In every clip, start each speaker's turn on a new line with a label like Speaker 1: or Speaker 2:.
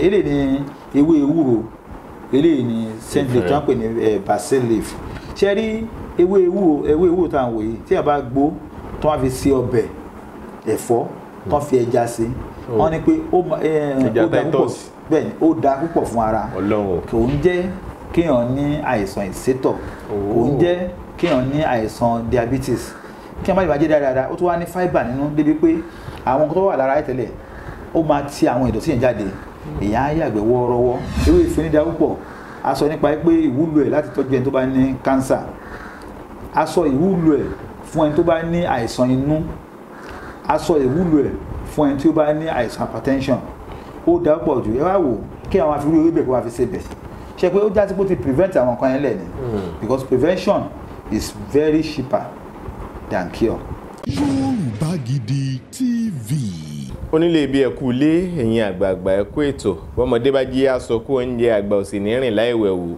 Speaker 1: ele ni ewé ewúro ele ni saint leaf tí wọ́n pè ní eh, basil leaf ṣe rí ewé ewúro ewé ewúro tá à ń wò yìí tí a bá gbó tí wọ́n fi ṣe ọbẹ̀ ẹ̀fọ́ tí wọ́n fi ẹja ṣe oh. wọ́n ní pé ó eh, da púpọ̀ bẹ́ẹ̀ ni ó da púpọ̀ fún ara kò ń jẹ́ kéèyàn ní àìsàn ìsétọ̀ kò ń oh. jẹ́ kéèyàn ní àìsàn diabetes kí wọ́n má bàa jẹ dáadáa ó tún wá ní fibre nínú débi pé àwọn nǹkan tó wà lára ẹ̀ tẹ́lẹ̀ ó máa ti àwọn ìdọ̀tí yẹn jáde èèyàn á yàgbẹ́ wọ́ọ́rọ́wọ́ ewé ìfúnidà púpọ̀ a sọ nípa pé ìwúlò ẹ̀ láti tọ́jú ẹni tó bá ní kánsà a sọ ìwúlò ẹ̀ fún ẹni tó bá ní àìsàn inú a sọ ìwúlò ẹ̀ fún ẹni tó bá ní àìsàn hypertension ó dá pọ̀ jù ẹ wá wò kí àwọn afi ewé bẹ̀ kó wá fi ṣe bẹ̀ ṣe pé ó já sí pé ó ti prevent àwọn kan yẹn lẹ̀ ni hmm. because prevention is very cheaper than cure. Yorùbá Gidi
Speaker 2: TV onílé ibi ẹ̀kú ilé ẹ̀yìn àgbààgbà ẹ̀kú ètò bọ́mọdé bá jí aṣọ kó oúnjẹ àgbà òsì ní rìn láì wẹ̀wù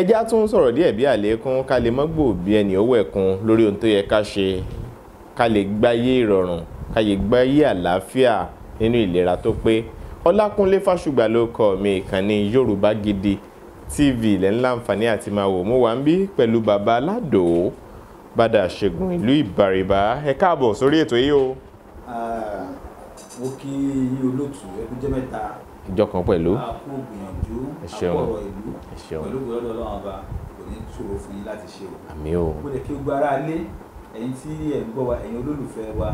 Speaker 2: ẹjá tún sọ̀rọ̀ díẹ̀ bí àlékún ká lè mọ́gbò bí ẹnì owó ẹ̀kún lórí ohun tó yẹ ká ṣe ká lè gbáyé ìrọ̀rùn ká lè gbáyé àlàáfíà nínú ìlera tó pé ọlákúnlé fásùgbà ló kọ mi ìkànnì yorùbá gidi tv ilẹ̀ ńlá àǹfààní àti máa wò mú wa ń bí pẹ̀lú bàbá aládòó bàdà ṣègùn ìlú ìbàrìbà ẹ káàbọ̀ sórí ètò
Speaker 1: yìí o. Ah mo kí yín olóòtú ẹkú jẹ́ mẹ́ta ìjọ kan pẹ̀lú àpò gbìyànjú àpò ọ̀rọ̀ ìlú pẹ̀lú gbọ́dọ̀ ọlọ́run ọba kò ní ṣòro fún yín láti ṣe o. àmì o. mo lè kí o gbára lé ẹ̀yin tí ẹ̀ ń gbọ́ wa ẹ̀yin olólùfẹ́ wa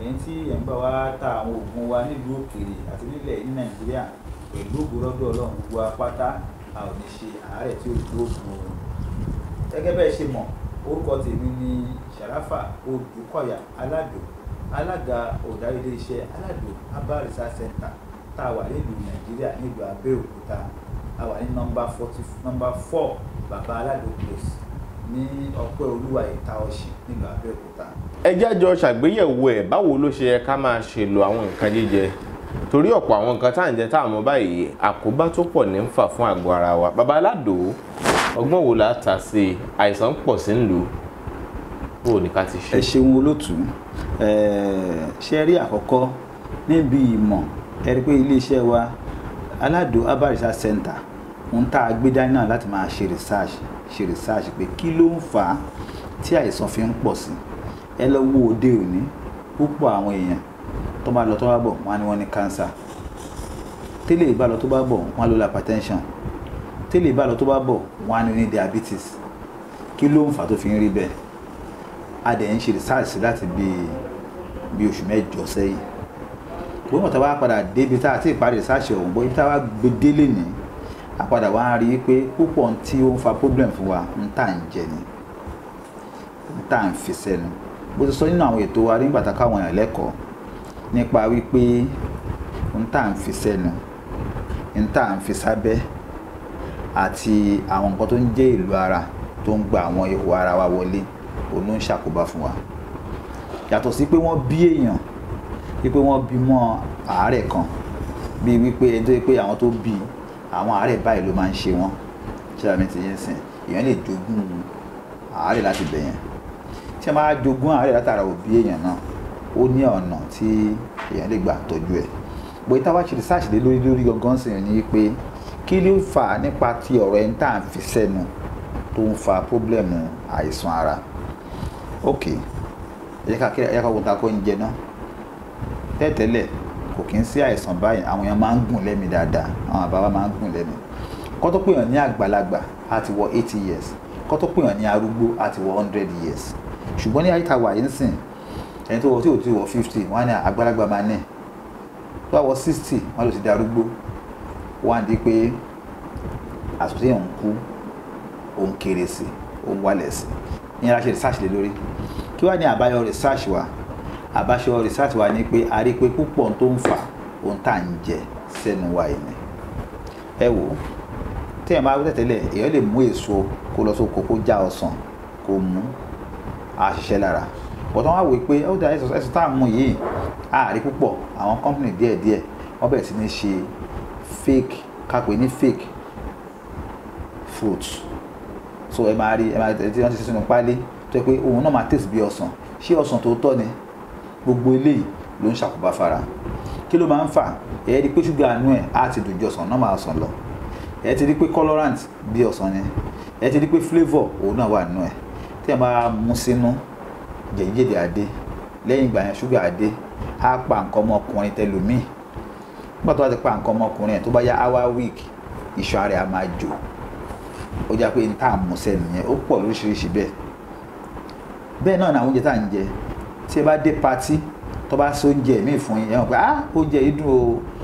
Speaker 1: ẹ̀yin tí ẹ̀ ń bá wa ta àwọn oògùn wa nílùú òkèèrè àti nílẹ̀ ní nàìjíríà pẹ̀lú ògbórọ́dọ̀ ọlọ́run gbogbo apáta a ò ní ṣe àárẹ̀ tí ó dúró fún o. gẹ́gẹ́ bẹ́ẹ̀ ṣe mọ̀ orúkọ tèmi ni Sharafa Odùkọ̀yà Aládò alága ọ̀darí iléeṣẹ́ aládùn herbal research center tá a wà nílùú nàìjíríà nílùú abẹ́òkúta a wà ní nọ́mbà forty nọ́mbà four bàbá aládùn place ní ọpẹ́ olúwa ìta ọ̀sìn nílùú abẹ́òkúta.
Speaker 2: ẹ jájọ ṣàgbéyẹ̀wò ẹ̀ báwo ló ṣe yẹ ká máa ṣe lo àwọn nǹkan jíjẹ torí ọ̀pọ̀ àwọn nǹkan tá à ń jẹ tá à mọ́ báyìí àkóbá tó pọ̀ ní ń fà fún àgọ́ ara wa bàbá aládùn ọgbọ́n wo la ta sí
Speaker 1: àìsàn pọ̀ sí ń lò ó ní ká ti ṣe. ẹ ṣeun olótùú ṣe rí àkọ́kọ́ níbi ìmọ̀ ẹ rí pé iléeṣẹ́ wa aládùn herbal research center ń tá a gbé dání náà láti máa ṣe research ṣe research pé kí ló ń fà á tí àìsàn fi ń pọ̀ sí ẹ lọ wo òde òní púpọ̀ àwọn èèyàn tó bá lọ tó bá bọ̀ wọ́n á ní wọ́n ní cancer tẹ́lẹ̀ ìbá lọ tó bá bọ̀ wọ́n á lọ hypertension tẹ́lẹ̀ ìbá lọ tó bá bọ̀ wọ́n á ní diabetes kí ló ń fà á tó fi ń rí bẹ́ẹ̀ a dẹ̀ ń ṣe research láti bí bí oṣù mẹ́jọ sẹ́yìn gbogbo tá a wá padà débi tá a ti parí research ọ̀hún bọ́ ibi tá a wá gbé délé ní a wá rí i pé púpọ̀ tí ó ń fa problem fún wa ń tà ń jẹ ni ń tà ń fi sẹ́nu bó ti sọ nínú àwọn ètò wa nígbà tá a káwọn èèyàn lẹ́kọ̀ọ́ nípa wípé ń tà ń fi sẹ́nu ń tà ń fi sábẹ́ àti àwọn nǹkan tó ń jẹ́ ìlú ara tó ń gba àwọn ihò ara wa wọlé òun ló ń ṣàkóbá fún wa yàtọ̀ sí pé wọ́n bí èèyàn wípé wọ́n bímọ àárẹ̀ kan bíi wípé ẹni tó yẹ pé àwọn tó bí àwọn àárẹ̀ báyìí ló máa ń ṣe wọ́n ṣàlàyé ti yẹn sìn èèyàn lè jogún àárẹ̀ láti bẹ̀yẹn tí a máa jogún àárẹ̀ látara òbí èèyàn náà ó ní ọ̀nà tí èèyàn lè gbà tọ́jú ẹ̀ bóyá táwa ṣe research lé lórí lórí gangan sì ní pé kí ló fà á nípa ti ọ̀rọ̀ ẹni tá à ń fi sẹ́nu tó ń fa pọ́blẹ́mù àìsàn ara ok ẹ̀yẹ́ ká ẹ̀yẹ́ ká wọ́ta kó ń jẹ náà tẹ́tẹ́lẹ̀ kò kí ń sí àìsàn báyìí àwọn èèyàn máa ń gùn lẹ́mìí dáadáa àwọn àbáwá máa ń gùn lẹ́mìí kó tó pèèyàn ní àgbàlagbà á ti wọ eighty years kó tó pèèyàn ní arúgbó á ti wọ hundred years ṣùgbọ́n ní àyíká wà yín sìn ẹni tó wọ tí ò tí wọ fifty wọn á ní àgbàlagbà máa ní tó bá wọ sixty wọn lò ti di arúgbó wọn á di pé àsùnjẹ́ òun kú òun kéré sí òun wálẹ̀ sí ní a ṣe research lé lórí kí wàá ní àbáyọ research wa àbáṣọ research wa ni pé a rí i pé púpọ̀ tó ń fà ohun tá ń jẹ sẹ́nu wa yìí ni ẹ wò ó téèyàn bá wúlẹ̀ tẹ́lẹ̀ èèyàn lè mú èso kó lọ sóko kó já ọsàn kó mú a ṣiṣẹ́ lára bọ́tọ̀ wá wòye pé ó da ẹ̀sùn tá à ń mú yìí a rí púpọ̀ àwọn company díẹ̀díẹ̀ wọ́n bẹ̀rẹ̀ sí ní ṣe fake ká pè ní fake fruits so ẹ máa rí ẹ máa tí wọ́n ti sínú pálí tó yẹ pé òun náà máa tèsì bí ọsàn ṣé ọsàn tó tọ́ ni gbogbo eléyìí ló ń ṣàkóbá fara kí ló máa ń fà ẹ rí pé ṣúgà inú ẹ̀ á ti dùn ju ọsàn náà máa sàn lọ ẹ ti rí pé colorant bí ọsàn ni ẹ ti rí pé flavour òun náà wà nínú ẹ̀ tí ẹ máa mú sínú jẹ̀díjẹ̀dí àdé lẹ́yìn ìgbà yẹn ṣúgà àdé á pa nǹkan ọmọkùnrin tẹlòmíì nígbà tó bá ti pa nǹkan ọmọkùnrin ẹ̀ tó bá yá á week ìṣọ́ ara ẹ̀ á máa jò ó jẹ́ pé níta àmúṣe nìyẹn ó pọ̀ lóríṣiríṣi bẹ́ẹ̀ bẹ́ẹ̀ náà ni àwọn oúnjẹ tá à ń jẹ tí ẹ bá dé patí tó bá so oúnjẹ fún yín ẹ pé ah oúnjẹ yìí dùn o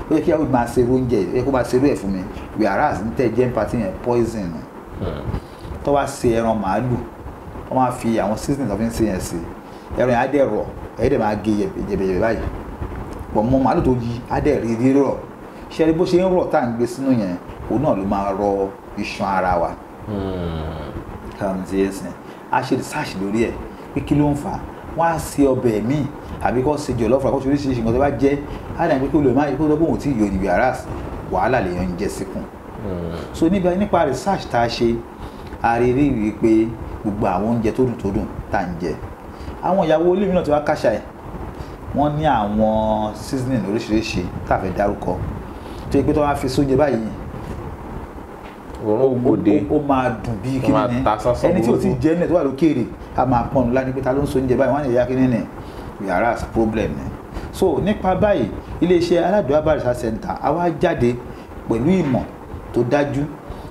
Speaker 1: ó yẹ kí àwọn máa serú oúnjẹ yìí kó máa serú ẹ̀ fún mi whereas ní tẹ́ jẹ́ patí se ẹran màálù wọ́n máa fi àwọn seasoning tó fi ń se yẹn ẹran yẹn á dẹ̀ rọ̀ ẹ̀ dẹ̀ máa yẹ̀bẹ̀yẹ̀bẹ̀ báyìí ṣe rí bó ṣe ń rọ̀ tá à ń gbé sínú yẹn òun náà ló máa rọ iṣan ara wa hmm. a ṣe research lórí ẹ̀ pé kí ló ń fà á wọ́n á ṣe ọbẹ̀ míì àbí kó ṣe jọ̀lọ́fù àkóso oríṣiríṣi nǹkan tó bá jẹ́ á dàbí pé olùmọ̀ àyíkó tó bóun tí yóò níbi ara wàhálà lèèyàn ń jẹ́ síkùn. Hmm. so níbi nípa research tá a ṣe a rí rí rí pé gbogbo àwọn oúnjẹ tó dùn tó dùn tá à ń jẹ àwọn ìyàwó ilé mi náà ti wá kàṣà ẹ̀ wọ́n ní àwọn seasoning oríṣiríṣi tá a fẹ́ dárúkọ tó yẹ pé tó wá fi sóúnjẹ báyìí òórùn ògbòde ó máa dùn bíi kí ni ẹni tí ò ti jẹ́ nílẹ̀ tó wà lókèrè a máa pọnù lánàá pé ta ló ń sóúnjẹ báyìí wọ́n á lè yá kí ni yàrá àti problem ni so nípa báyìí iléeṣẹ́ aládùn abáríṣà center a wá jáde pẹ̀lú ìmọ̀ tó dájú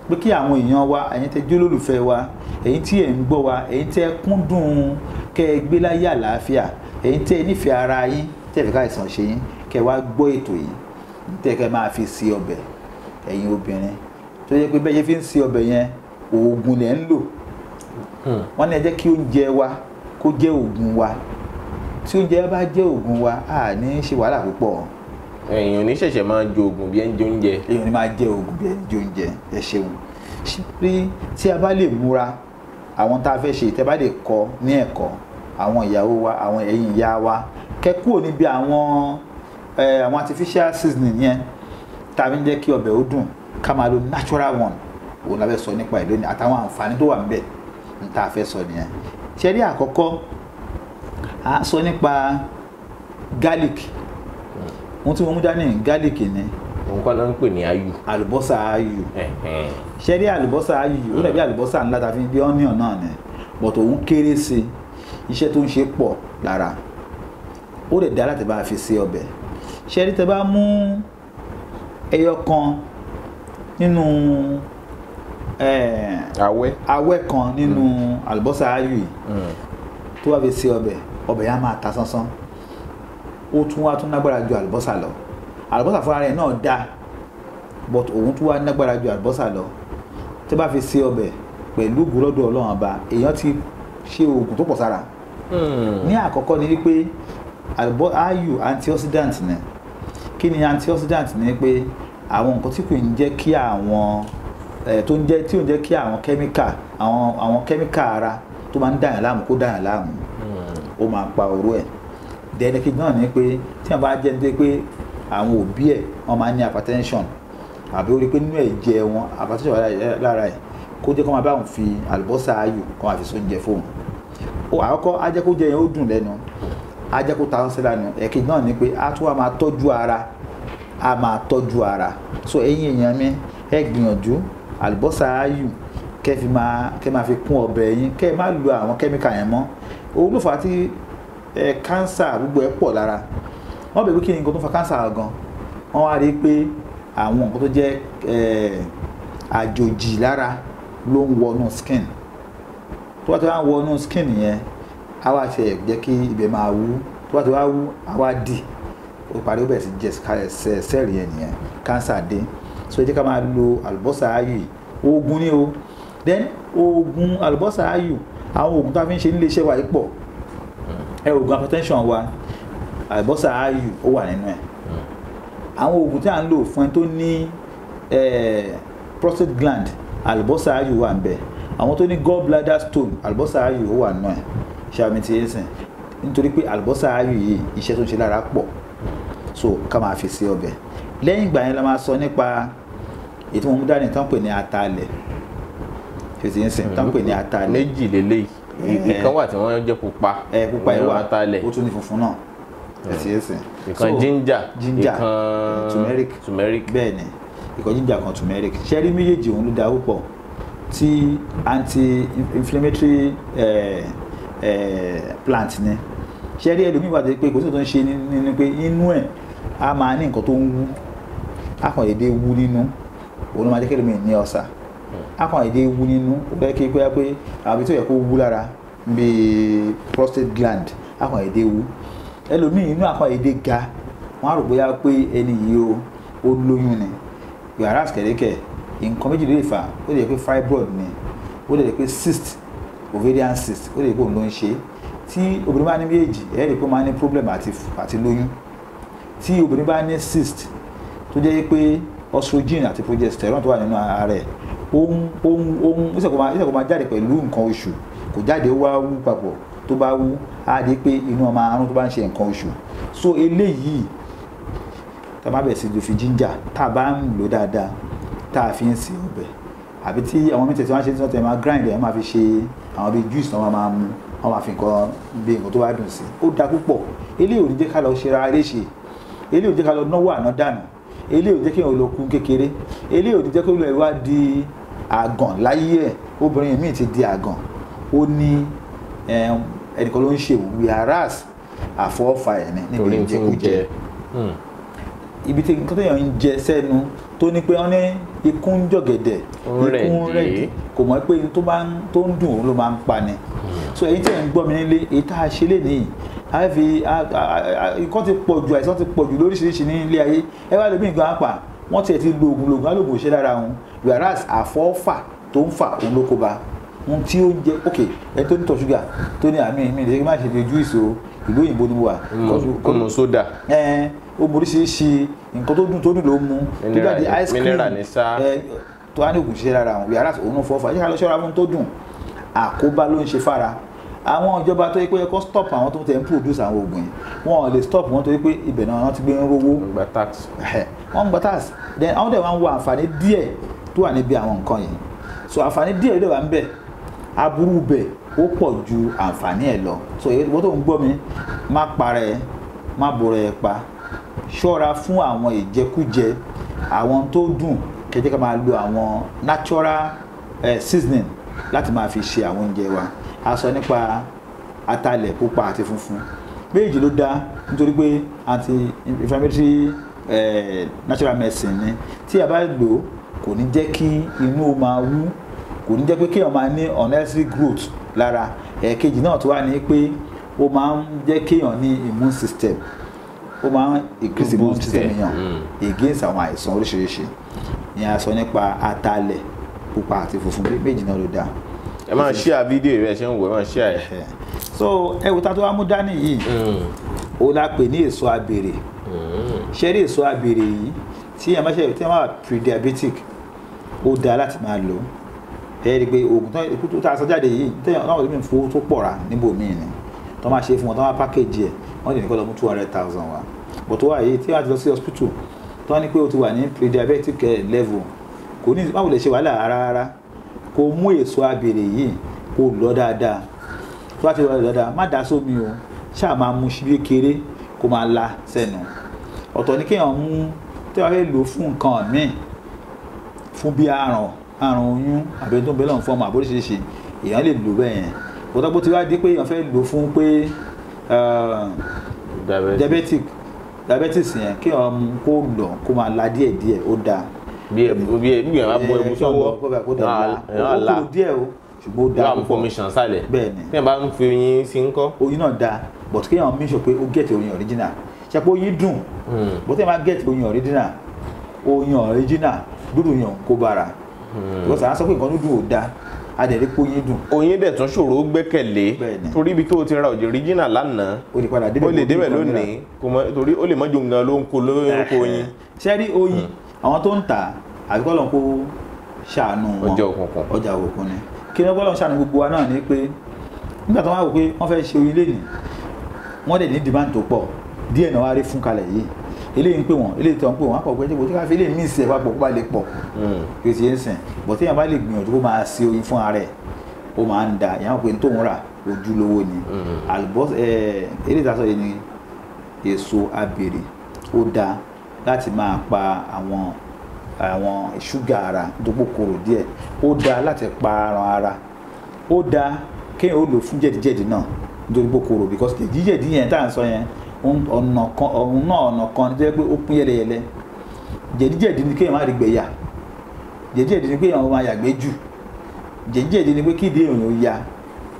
Speaker 1: pé kí àwọn èèyàn wa ẹ̀yin tẹ́ jẹ́ olólùfẹ́ wa ẹ̀yin tí ẹ̀ ń gbọ́ wa ẹ̀yin tẹ́ kúndùn kẹ́ ẹ gbé láyé àlàáfíà ẹ̀yin tẹ́ nífẹ̀ẹ́ ara yín tẹ́ fẹ́ ká ìsàn ṣe yín kẹ́ wá gbọ́ ètò yìí tẹ́kẹ́ máa fi sí ọbẹ̀ ẹ̀yin obìnrin tó yẹ pé bẹ́ẹ̀ yẹ fi ń sí ọbẹ̀ yẹn oògùn lẹ̀ ń lò hmm. wọ́n ní ẹ jẹ́ kí oúnjẹ wa kó jẹ́ oògùn wa tí oúnjẹ bá jẹ́ oògùn wa a ní ṣe wàhálà púpọ̀. èèyàn ní ṣẹ̀ṣẹ̀ máa jẹ oògùn bí ẹ ń jẹ oúnjẹ. èèyàn ní máa jẹ oògùn bí ẹ ń jẹ oúnjẹ ẹ ṣeun pé tí a bá lè múra àwọn tá a fẹ́ ṣe tẹ́ bá lè kọ́ ní ẹ̀kọ́ àwọn ìyàwó wa àwọn ẹ̀yin ìyá wa kẹ́kọ̀ọ́ níbi àwọn àwọn artificial seasoning yẹn tàbí ń jẹ́ kí ọbẹ̀ ó dùn ká máa lo natural one òun la fẹ́ sọ nípa ẹ̀ lónìí àtàwọn àǹfààní tó wà ń bẹ̀ ń tá a fẹ́ sọ nìyẹn ṣẹ́rí àkọ́kọ́ à ń sọ nípa garlic ohun tí mo mú dání garlic ni òun kọ́ ló ń pè ní ayù. àlùbọ́sà ayù. ṣé rí àlùbọ́sà ayù yìí ó dàbí àlùbọ́sà ńlá ta fi ń bí onion náà ni but òun kéré sí iṣẹ́ tó ń ṣe pọ̀ lára ó lè dá láti fi ṣe ọbẹ̀ ṣẹ́rí tẹ bá mú ẹyọ kan nínú awẹ́ kan nínú mm. àlùbọ́sà ayù yìí mm. tó wá fi ṣe ọbẹ̀ ọbẹ̀ yẹn máa ta sánsán ó tún wá tún lágbára ju àlùbọ́sà lọ àlùbọ́sà fúnra rẹ̀ náà dáa but òun tún wá lágbára ju àlùbọ́sà lọ tẹ bá fi ṣe ọbẹ̀ pẹ̀lú gúrọ́dù ọlọ́run ọba èèyàn ti ṣe oògùn tó pọ̀ sára
Speaker 2: mm. ní
Speaker 1: àkọ́kọ́ ni wípé ayù antioxidant ni kí ni antioxidant ni pé àwọn nǹkan tí kò ń jẹ́ kí àwọn tó ń jẹ́ tí ò ń jẹ́ kí àwọn kẹ́míkà àwọn àwọn kẹ́míkà ara tó máa ń dàyàn láàmú kó dàyàn láàmú ó máa pa òru ẹ̀ dẹ́nẹ́kì náà ni pé tí wọ́n bá jẹ́ ní pé àwọn òbí ẹ̀ wọ́n máa ń ní hypertension àbí ó rí i pé nínú ẹ̀jẹ̀ wọn hypertension lára ẹ̀ kó jẹ́ kó máa bá òun fi àlùbọ́sà ayò kó máa fi sóúnjẹ fóun àkọ́kọ́ ajẹ́kó jẹ yẹn ó dùn lẹ́nu ajẹ́kó ta ọ́n sí lánàá ẹ̀kejì náà ni pé á tún wá máa tọ́jú ara a máa tọ́jú ara so ẹ̀yin èèyàn mi ẹ gbìyànjú àlùbọ́sà ayù kẹ́ fi máa kẹ́ máa fi kún ọbẹ̀ yín kẹ́ ẹ má lo àwọn kẹ́míkà yẹn mọ́ òun ló fà á tí ẹ kánsà gbogbo ẹ pọ̀ lára wọ́n bẹ̀rù kí ni nǹkan tó fa kánsà gan wọ́n wá rí i pé àwọn nǹkan tó jẹ́ àjòjì lára ló ń wọnú skin tó bá ti wá ń wọnú skin yẹn á wá ṣe jẹ́ kí ibẹ̀ máa wú tó bá ti wá wú á wá dì o parí ó bẹ̀rẹ̀ sí jẹ sẹ́ẹ̀rì ẹ̀ nìyẹn kánsà dé so ẹ jẹ́ ká máa lo àlùbọ́sà ayù oògùn ni o then oògùn àlùbọ́sà ayù àwọn oògùn tá a fi ń ṣe nílé iṣẹ́ wa yìí pọ̀ ẹ oògùn hypertension wa àlùbọ́sà ayù ó wà nínú ẹ̀ àwọn oògùn tí a ń lò fún ẹ tó ní prostate gland àlùbọ́sà ayù wà ń bẹ̀ àwọn tó ní gallbladder stone àlùbọ́sà ayù ó wà nínú ẹ̀ ṣàmì tí ẹ sìn nítorí pé àlùbọ́sà ayù yìí iṣẹ́ tó ń ṣe lára pọ̀ so ká máa fi sí ọbẹ̀ lẹ́yìn ìgbà yẹn la máa sọ nípa ètò ìmú dání tán pè ní atalẹ̀ fèsì ń sìn tán pè ní atalẹ̀. méjì lélẹ́yìí ìkan wà
Speaker 2: tí wọ́n jẹ́ pupa
Speaker 1: pupa yìí wà ó tún ní funfun náà fèsì ń sìn. ìkan ginger ginger ìkan turmeric turmeric bẹ́ẹ̀ ni ìkan ginger kan turmeric ṣẹ́rí méjèèjì òun ló da púpọ̀ tí anti-inflammatory eh, eh, plant ni. ṣe rí ẹlòmíì wà pe pé kò sí tó ṣe nínú pé inú ẹ̀ a máa ní nǹkan tó ń wú a kàn wú nínú òun máa jẹ́ kí ní ọ̀sà a kàn wú nínú ó prostate gland a kàn wu. Elu wú inu inú a ga wọ́n á rò bóyá pé ẹni yìí o ó lóyún ni yàrá nǹkan méjì ló lè fibroid ni ó lè cyst ovarian cyst ó lè pé tí obìnrin bá ní méjèèjì ẹ rí i pé máa ní problem àti àti lóyún tí obìnrin bá ní cyst tó jẹ́ pé estrogen àti progesterone tó wà nínú ara ẹ̀ ohun ohun ohun ìṣẹ̀kọ̀ máa jáde pẹ̀lú nǹkan oṣù kò jáde ó wá wú papọ̀ tó bá wú á di pé inú ọmọ arún tó bá ń ṣe nǹkan oṣù so eléyìí tá a bá bẹ̀rẹ̀ sí lò fi jíńjà tá a bá ń lò dáadáa tá a fi ń sè ọbẹ̀ àbí tí àwọn mítẹ̀sí wọn ṣe tí wọ́n tẹ̀ máa grind ẹ̀ máa fi ṣe àwọn bíi juice náà máa mú wọ́n máa fi nǹkan bí nǹkan tó bá dùn sí ó da púpọ̀ eléyìí ò ní jẹ́ ká lọ ṣe ra léṣe eléyìí ò ní jẹ́ ká lọ náwó àná dànù eléyìí ò ní jẹ́ kéèyàn lọ kú kékeré eléyìí ò ní jẹ́ kó lọ ìwà di àgàn láyé ẹ̀ obìnrin míì ti di àgàn ó ní ẹnìkan ló ń ṣe wí aras àfọwọ́fà ẹ̀ ní níbi ìjẹkújẹ hmm. ibi tí nǹkan téèyàn ń jẹ sẹ́nu tó ní pé wọ́n ní ikú ń jọ̀gẹ̀dẹ̀ ikú ń rẹ̀dì kò mọ̀ pé tó ń dùn òun ló máa ń pa ni so ẹ̀yin tí ẹ̀ ń gbọ́ mi nílé èyí tá a ṣe lè nìyí àfi nǹkan ti pọ̀ jù àìsàn ti pọ̀ jù lóríṣiríṣi ní ilé ayé ẹ wá lómi ìgbà pa wọ́n tiẹ̀ ti lo oògùn lògùn alóògùn ṣe lára wọn whereas àfọ́fà tó ń fà òun ló kó ba ohun tí ó ń jẹ ok ẹni tó ní tọ̀ ṣúgà tó ní àmì mi ìdíje má ṣe fi ojú ìṣó ìlú òyìnbó ni mo wà. Mm, kò mọ sódà. ẹ ó boríṣiríṣi nǹkan tó dùn tó dùn ló mú tó jáde ice cream ẹ tó á ní oògùn ṣe lára wọn whereas òun fọ́fà ẹ ṣe ká lọ ṣọ́ra fún tó dùn àkóbá ló ń ṣe fára àwọn ìjọba tó yẹ pé ẹkọ stop àwọn tó ń tẹ̀ ń produce àwọn oògùn yìí wọn lè stop wọn tó yẹ pé ibẹ̀ náà wọ́n ti gbé ń rówó wọ́n ń gba tax then àwọn dẹ̀ wọ́n ń wo àǹfààní díẹ̀ tó wà níbi àwọn nǹkan yìí so àǹfààní díẹ̀ ló wà ń bẹ̀ aburú bẹ̀ ó pọ̀ ju àǹfààní ẹ̀ lọ so ìwọ tó ń gbọ́ mi má para ẹ má bora ẹ pa ṣọ́ra fún àwọn ìjẹkújẹ àwọn tó dùn kẹjẹ ká máa lo àwọn natural eh, seasoning láti máa fi ṣe àwọn oúnjẹ wa a sọ nípa atalẹ̀ pupa àti funfun méjì ló dá nítorí pé anti inflammatory natural medicine ni tí a bá lò kò ní jẹ́ kí inú o máa wú kò ní jẹ́ pé kéèyàn máa ní unnecessary growth lára ẹ̀ẹ̀kejì náà tó wà ní pé o máa ń jẹ́ kéèyàn ní immune system o máa ń increase immune system èèyàn hmm. against àwọn àìsàn oríṣiríṣi ìyẹn a sọ nípa atalẹ̀ pupa àti funfun méjì náà ló dáa. ẹ máa share fídíò rẹ ṣe ń wò ẹ máa share ẹ. so ẹwù tá a tó wá mú dání yìí hmm. ó la pè ní èso abèrè hmm. ṣe rí èso abèrè yìí tí ẹ máa ṣe tí ẹ máa pre-diabetic ó dáa láti máa lò ẹ rí i pé oògùn tó tá a jáde yìí téèyàn náà wọ́n ti tó pọ̀ ra níbòmíì ni tó máa ṣe fún wọn tó máa package ẹ̀ wọ́n lè ní lọ mú two hundred thousand wa bọ̀ tó tí wọ́n ti lọ sí hospital tó wọ́n ní pé o ti wà ní pre-diabetic eh, level kò ní má wulẹ̀ ṣe wàhálà ara ara kò mú èso abèrè yìí kò lọ dáadáa tó bá ti lọ dáadáa má dá sómi o ṣáà máa mu ṣíbí kéré kó máa la sẹ́nu ọ̀tọ̀ ní kéèyàn mú tí wàá fẹ́ lò fún nǹkan míì fún bí àrùn àrùn oyún àbí tó ń fún ọmọ àbóríṣiríṣi èèyàn lè lò bẹ́ẹ̀ yẹn bọ́tọ́ bó ti wá di pé èèyàn fẹ́ lò fún pé diabetic diabetes yẹn kéèyàn mú kó lọ kó máa la díẹ̀díẹ̀ ó dáa bí ẹ bí ẹ bí ẹ bá bọ ẹmu sọ́wọ́ ó kúrò díẹ̀ o ṣùgbọ́n ó dáa púpọ̀ information sálẹ̀ bẹ́ẹ̀ni bí ẹ bá ń fi oyin sí ń kọ́. oyin náà dáa but kéèyàn mí sọ pé ó get oyin original ṣe pé oyin dùn bó tẹ́ máa get oyin original oyin original dúdú yàn kó bára hmm. because àwọn sọ pé nǹkan dúdú ò dáa adẹ̀rí kó yín dùn. oyin dẹ̀ tún ṣòro
Speaker 2: gbẹ́kẹ̀lé torí ibi tó o ti ra òjò ríjìnà lánàá o
Speaker 1: lè débẹ̀ lónìí torí o lè mọ́jú nǹkan ló ń kó lóyún kó oyin. ṣé rí oyin hmm àwọn tó ń tà àbí kọ́ lọ́n kó ṣàánú wọn ọjà òkùnkùn ọjà òkùnkùn ni kí ni kọ́ lọ́n ṣàánú gbogbo wa náà ni pé nígbà tó wá wò pé wọ́n fẹ́ ṣe oyin lé wọ́n dẹ̀ ní demand tó pọ̀ díẹ̀ náà wá rí fún kalẹ̀ yìí eléyìí ń pè wọ́n eléyìí tó ń pè wọ́n akọ̀ pé ṣébo tí ká fi eléyìí mí ìsẹ̀ papọ̀ kó bá lè pọ̀ hmm. kí yẹn sìn bọ̀ tí èèyàn bá lè gbìyànjú kó máa ṣe oyin fún ara ẹ̀ ó máa ń da èèyàn pé tó ń rà ojúlówó ni hmm. àlùbọ́sẹ̀ eléyìí tá a sọ yìí ni èso abèrè ó dáa láti máa pa àwọn àwọn ṣúgà ara dópò kòrò díẹ̀ ó dáa láti pa aràn ara ó dáa kéèyàn ó lò fún jẹ̀díjẹ̀dí náà nítorí pé kòrò because jẹ̀díjẹ̀dí yẹn tá à ń sọ yẹn ọ̀nà kan ọ̀hún náà ọ̀nà kan ní jẹ́ pé ó pín yẹlẹyẹlẹ jẹ̀díjẹ̀dí ni kéèyàn má rí gbẹ̀yà jẹ̀díjẹ̀dí ni kéèyàn máa yàgbé jù jẹ̀díjẹ̀dí ni pé kíde èèyàn ó ya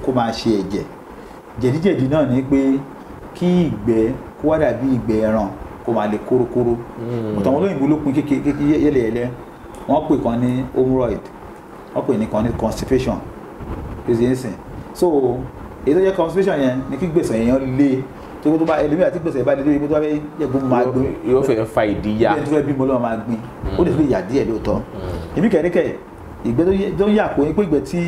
Speaker 1: kó máa ṣe ẹ̀jẹ̀ jẹ̀díjẹ̀dí náà ni pé kí ìgbẹ́ kó wá dàbí ìgbẹ́ ẹran kó máa le kórokóró
Speaker 2: hmm. but àwọn olóyìnbó
Speaker 1: ló pin kékeré yẹlẹyẹlẹ wọ́n pè kan ní hemorrhoid wọ́n pè ní ní constipation èsì so èyí tó jẹ́ constipation yẹn ni kí gbèsè yẹn lé tó kó tó bá ẹlòmíràn tí gbèsè bá lé lórí ibi tó bá fẹ́ yẹ gbó máa gbin yóò fẹ́ fa ìdíyà bí ẹni tó fẹ́ bímọ lọ́wọ́ máa gbin ó lè fi yà díẹ̀ lóòótọ́ èmi hmm. kẹ̀ríkẹ̀ ìgbẹ́ tó yà kó yín pé ìgbẹ́ tí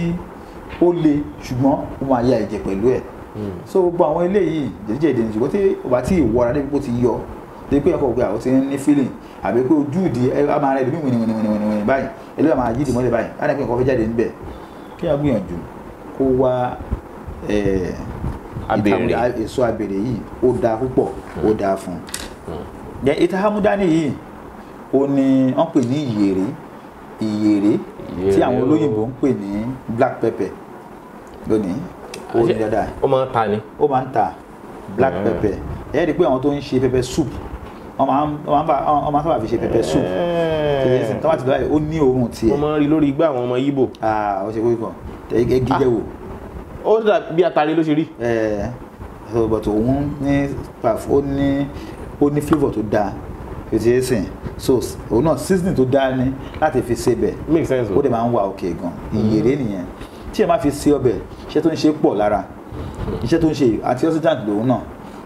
Speaker 1: ó le ṣùgbọ́n ó máa ya ẹ̀jẹ̀ pẹ̀lú ẹ̀ hmm. so gbogbo àwọn eléyìí jẹ̀díjẹ̀dẹ̀ nìṣùgbọ́n tí ò bá tí tó pé ẹ̀kọ́ gbé àwọn ti ní feeling àbí pé ojú ìdí a máa rẹ ibi wìnì wìnì wìnì wìnì wìnì báyìí eléyà máa yídìí mọ́lẹ̀ báyìí á ní pé nǹkan fẹ́ jáde níbẹ̀ kí a gbìyànjú kó wá èso abèrè yìí ó dáa púpọ̀ ó hmm. dáa fún un hmm. ìtahamudani yìí ó ní wọ́n pè ní ìyèrè ìyèrè tí àwọn olóyìnbó ń pè ní black pepper lónìí ó ní dáadáa ó máa ń ta ni ó máa ń ta black hmm. pepper ẹ̀ẹ́dì pé àwọn tó ń ṣe pepper soup wọ́n máa sábà fi ṣe pẹpẹ soup tẹ̀yẹsìn tó bá ti dọ́ àyè ó ní òórùn tiẹ̀. wọ́n máa ń rí lórí igbá àwọn ọmọ Ìgbò. ó ṣe kókò tẹ̀yẹ gíjẹ́ ah. wò. ó dà bí atare ló ṣe rí. Eh, but òun ní ó ní ó ní flavour tó dáa tẹ̀yẹsìn so òun náà seasoning tó dáa ni láti fi ṣe bẹ̀. make sense o. ó dẹ̀ máa ń wà òkè gan ìyèrè mm. nìyẹn tí ẹ má fi ṣe ọbẹ̀ iṣẹ́ tó ń ṣe pọ̀ lára iṣẹ́ tó ń ṣe antioxidant lòun náà